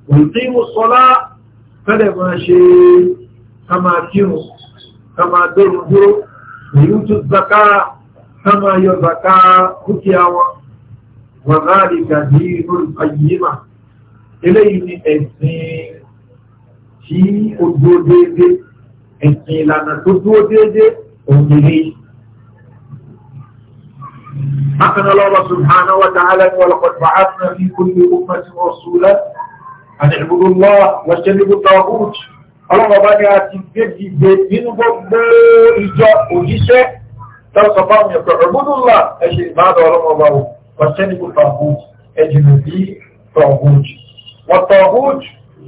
Speaker 1: wọ́n tí ó sọ́lá fẹ́lẹ̀ máa ṣe kama kírùn, kama dórùn dúró, èyí tó zaka, kama tí ó dúró déédéé ẹ̀sìn ìlànà tó dúró déédéé òun nìyí. مثل الله سبحانه وتعالى ولقد بعثنا في كل أمة رسولا أن اعبدوا الله واجتنبوا الطاغوت ọlọ́run ọba ni a ti gbé dìde nínú gbogbo ìjọ òjíṣẹ́ tọ́sọ̀ bá mi ọ̀pẹ̀ ọ̀gbọ́dúnlá ẹ̀ṣẹ̀ ìbáàdọ̀ ọlọ́run ọba o pàṣẹ́ni kò tọ̀gùt ẹ̀jìnà bí tọ̀gùt wọ́n tọ̀gùt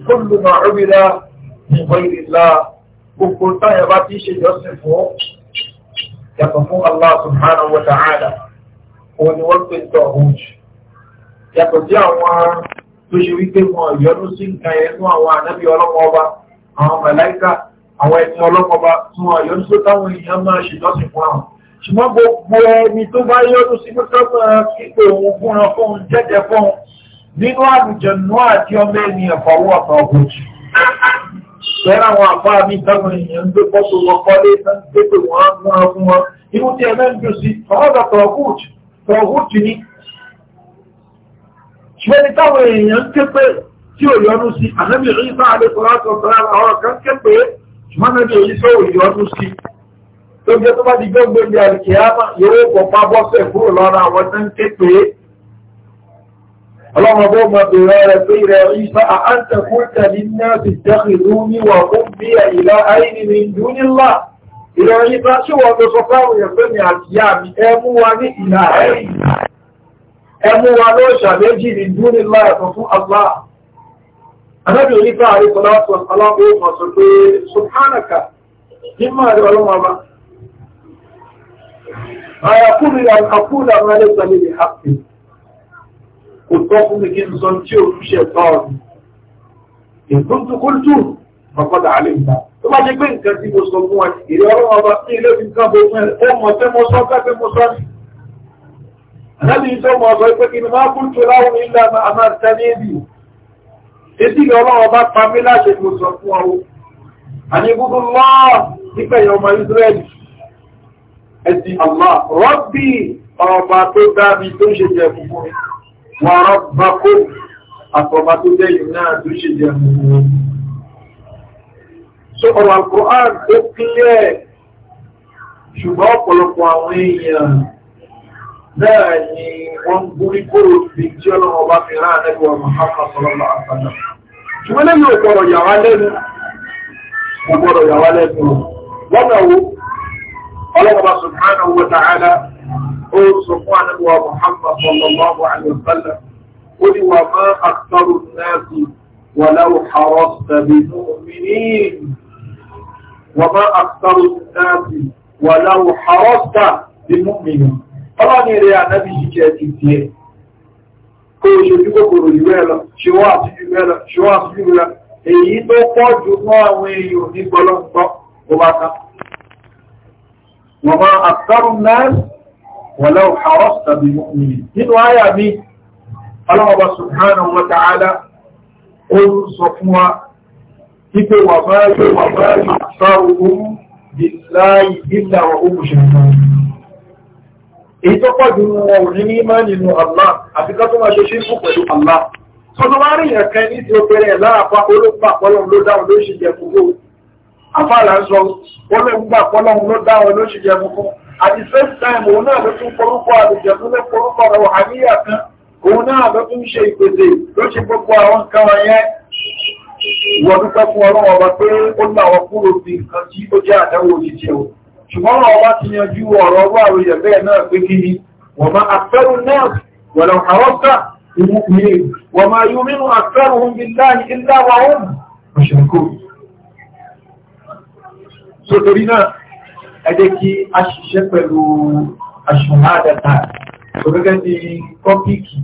Speaker 1: kúlù máa ní ìwọ̀nyí lá gbogbo táyà bá ti ṣe jọ́sìn fún yàtọ̀ fún Allah subhanahu wa ta'ala òun ni wọ́n pè ń tọ̀ ọ̀hún jù yàtọ̀ sí àwọn tó ṣe wípé wọn ìyọnu sí nǹkan yẹn fún àwọn ànábì ọlọ́mọ ọba àwọn màláíkà àwọn ẹni ọlọ́mọ ọba tí wọn ìyọnu sí táwọn èèyàn máa ṣèjọ́sìn fún àwọn ṣùgbọ́n gbogbo ẹni tó bá yọ́rù sí pẹ́sọ́pọ̀ fún jẹ́jẹ́ lẹ́ra àwọn àpá mi táwọn èèyàn ń gbé fọ́tò wọn kọ́lé tán gbé pé wọ́n á fún wọn fún wọn irú tí ẹ̀mẹ́ ń dùn sí ọ̀rọ̀dọ̀ tọ̀ọ̀gùt tọ̀ọ̀gùt ni ṣùgbọ́n ní táwọn èèyàn ń ké pé tí ò yọnu sí ànábì rí sáà lè sọ láti ọ̀sán lára àwọn kan ké pé ṣùgbọ́n ànábì rí sọ ò yọnu sí tó jẹ́ tó bá di gbẹ́gbẹ́ ní àríkè ámà yóò bọ̀ pa bọ́sẹ̀ kúrò lọ́ra àwọn tó ń ké pé اللهم ضم برارة غير عيسى أأنت قلت للناس اتخذوني وأمي إلى أين من دون الله إلى عيسى شو أن صفاه يفهم عتيامي أمواني إلى أين أموانو شابيجي من دون الله يفهم الله النبي عيسى عليه الصلاة والسلام يقول سبحانك مما يعلم الله أيقول أن أقول ما ليس لي بحقي kò tọ́ fún mi kí n sọ tí òun ṣe tọ́ ọ̀nà ìgbóntú kúltù ọ̀pọ̀dà àlèkà tó bá jẹ́ pé nǹkan tí mo sọ fún ẹ ìrẹ́ ọlọ́run ọba ní ilé fi nǹkan bó fún ẹ ó mọ̀ tẹ́ mo sọ tẹ́ mo sọ ni àdábì tó mọ̀ sọ pé kí ni máa kúltù ẹ̀sìn Allah rọ́bì ọba tó dá mi tó ṣe jẹ fún mi wọ́n rọ́ bá kó àtọ̀bá tó jẹ́yìn náà tó ṣe jẹ́ mú so ọ̀rọ̀ alkùnrin tó kílẹ̀ ṣùgbọ́n ọ̀pọ̀lọpọ̀ àwọn èèyàn náà ni wọ́n gúrí kóró fi tí ọlọ́run ọba fi rán àdẹ́gbọ̀ Muhammad sọlọ́lọ́ àtàdà ṣùgbọ́n lẹ́yìn ọ̀pọ̀rọ̀ yàwá lẹ́nu ọ̀pọ̀rọ̀ yàwá lẹ́nu wọ́n náà wo ọlọ́run ọba subhanahu wa ta'ala ó sọ fún àdúgbò Muhammad sallallahu alaihi wa sallam ó ní wà má àtàrù náà sí wà láwù àrọ́ tàbí mùmìnín wà má àtàrù náà sí wà láwù àrọ́ tàbí mùmìnín ọlọ́ni rẹ̀ ànábì jíjẹ́ ti èyí tó pọ̀ jù mọ́ àwọn èèyàn ní gbọ́lọ́gbọ́ ó bá tán náà wọ̀lẹ́wò àrọ́sà bí mọ́mìnì nínú àyà mi ọlọ́wọ́ba subhanahu wa ta'ala ó ń sọ fún wa wípé wà báyìí wà báyìí sáwùkún láàyè ìlà òun ṣẹ̀fún èyí tó pọ̀jù wọn ò ní ní máa nínú Allah àti ká tó máa ṣe ṣe fún pẹ̀lú Allah tọ́nà wá at the same time òun náà ló tún forúkọ àlùjẹ̀mú ló forúkọ rọ̀hàníyà kan òun náà ló tún ṣe ìpèsè ló ṣe gbogbo àwọn nǹkan wọ̀nyẹn wọ́n dúpẹ́ fún ọlọ́wọ́ ọba pé ó ní àwọn kúrò bí nǹkan tí ó jẹ́ àdáwò òjijì o ṣùgbọ́n ọba ti yanjú ọ̀rọ̀ ọwọ́ àròyẹ̀ bẹ́ẹ̀ náà pé kí ni wọ́n máa àfẹ́rù náà wọ̀nà àwọ́sà ìmúkùnrin wọ́n máa yú nínú àfẹ́rù ohun ìláyìn ìláwà ohun ọ̀ṣẹ̀kọ́ ẹ jẹ́ kí a ṣiṣẹ́ pẹ̀lú àṣùnmáàdàtà gẹ́gẹ́ bí kọ́píìkì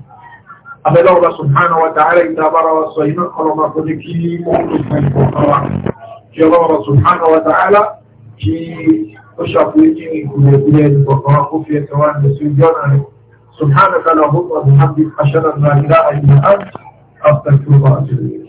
Speaker 1: abẹ́lọ́wọ́ subhanahu wa ta'ala ìtàbára wa sọ iná kọlọmọ kò ní kí mọ́kànlá ìfọ̀kànlá wa kí ọlọ́wọ́ subhanahu wa ta'ala kí ó ṣàpèjì ìgbìyànjúlẹ̀ ìfọ̀kànlá kó fi ẹ̀sẹ̀ wa ní sí ìjọ́nà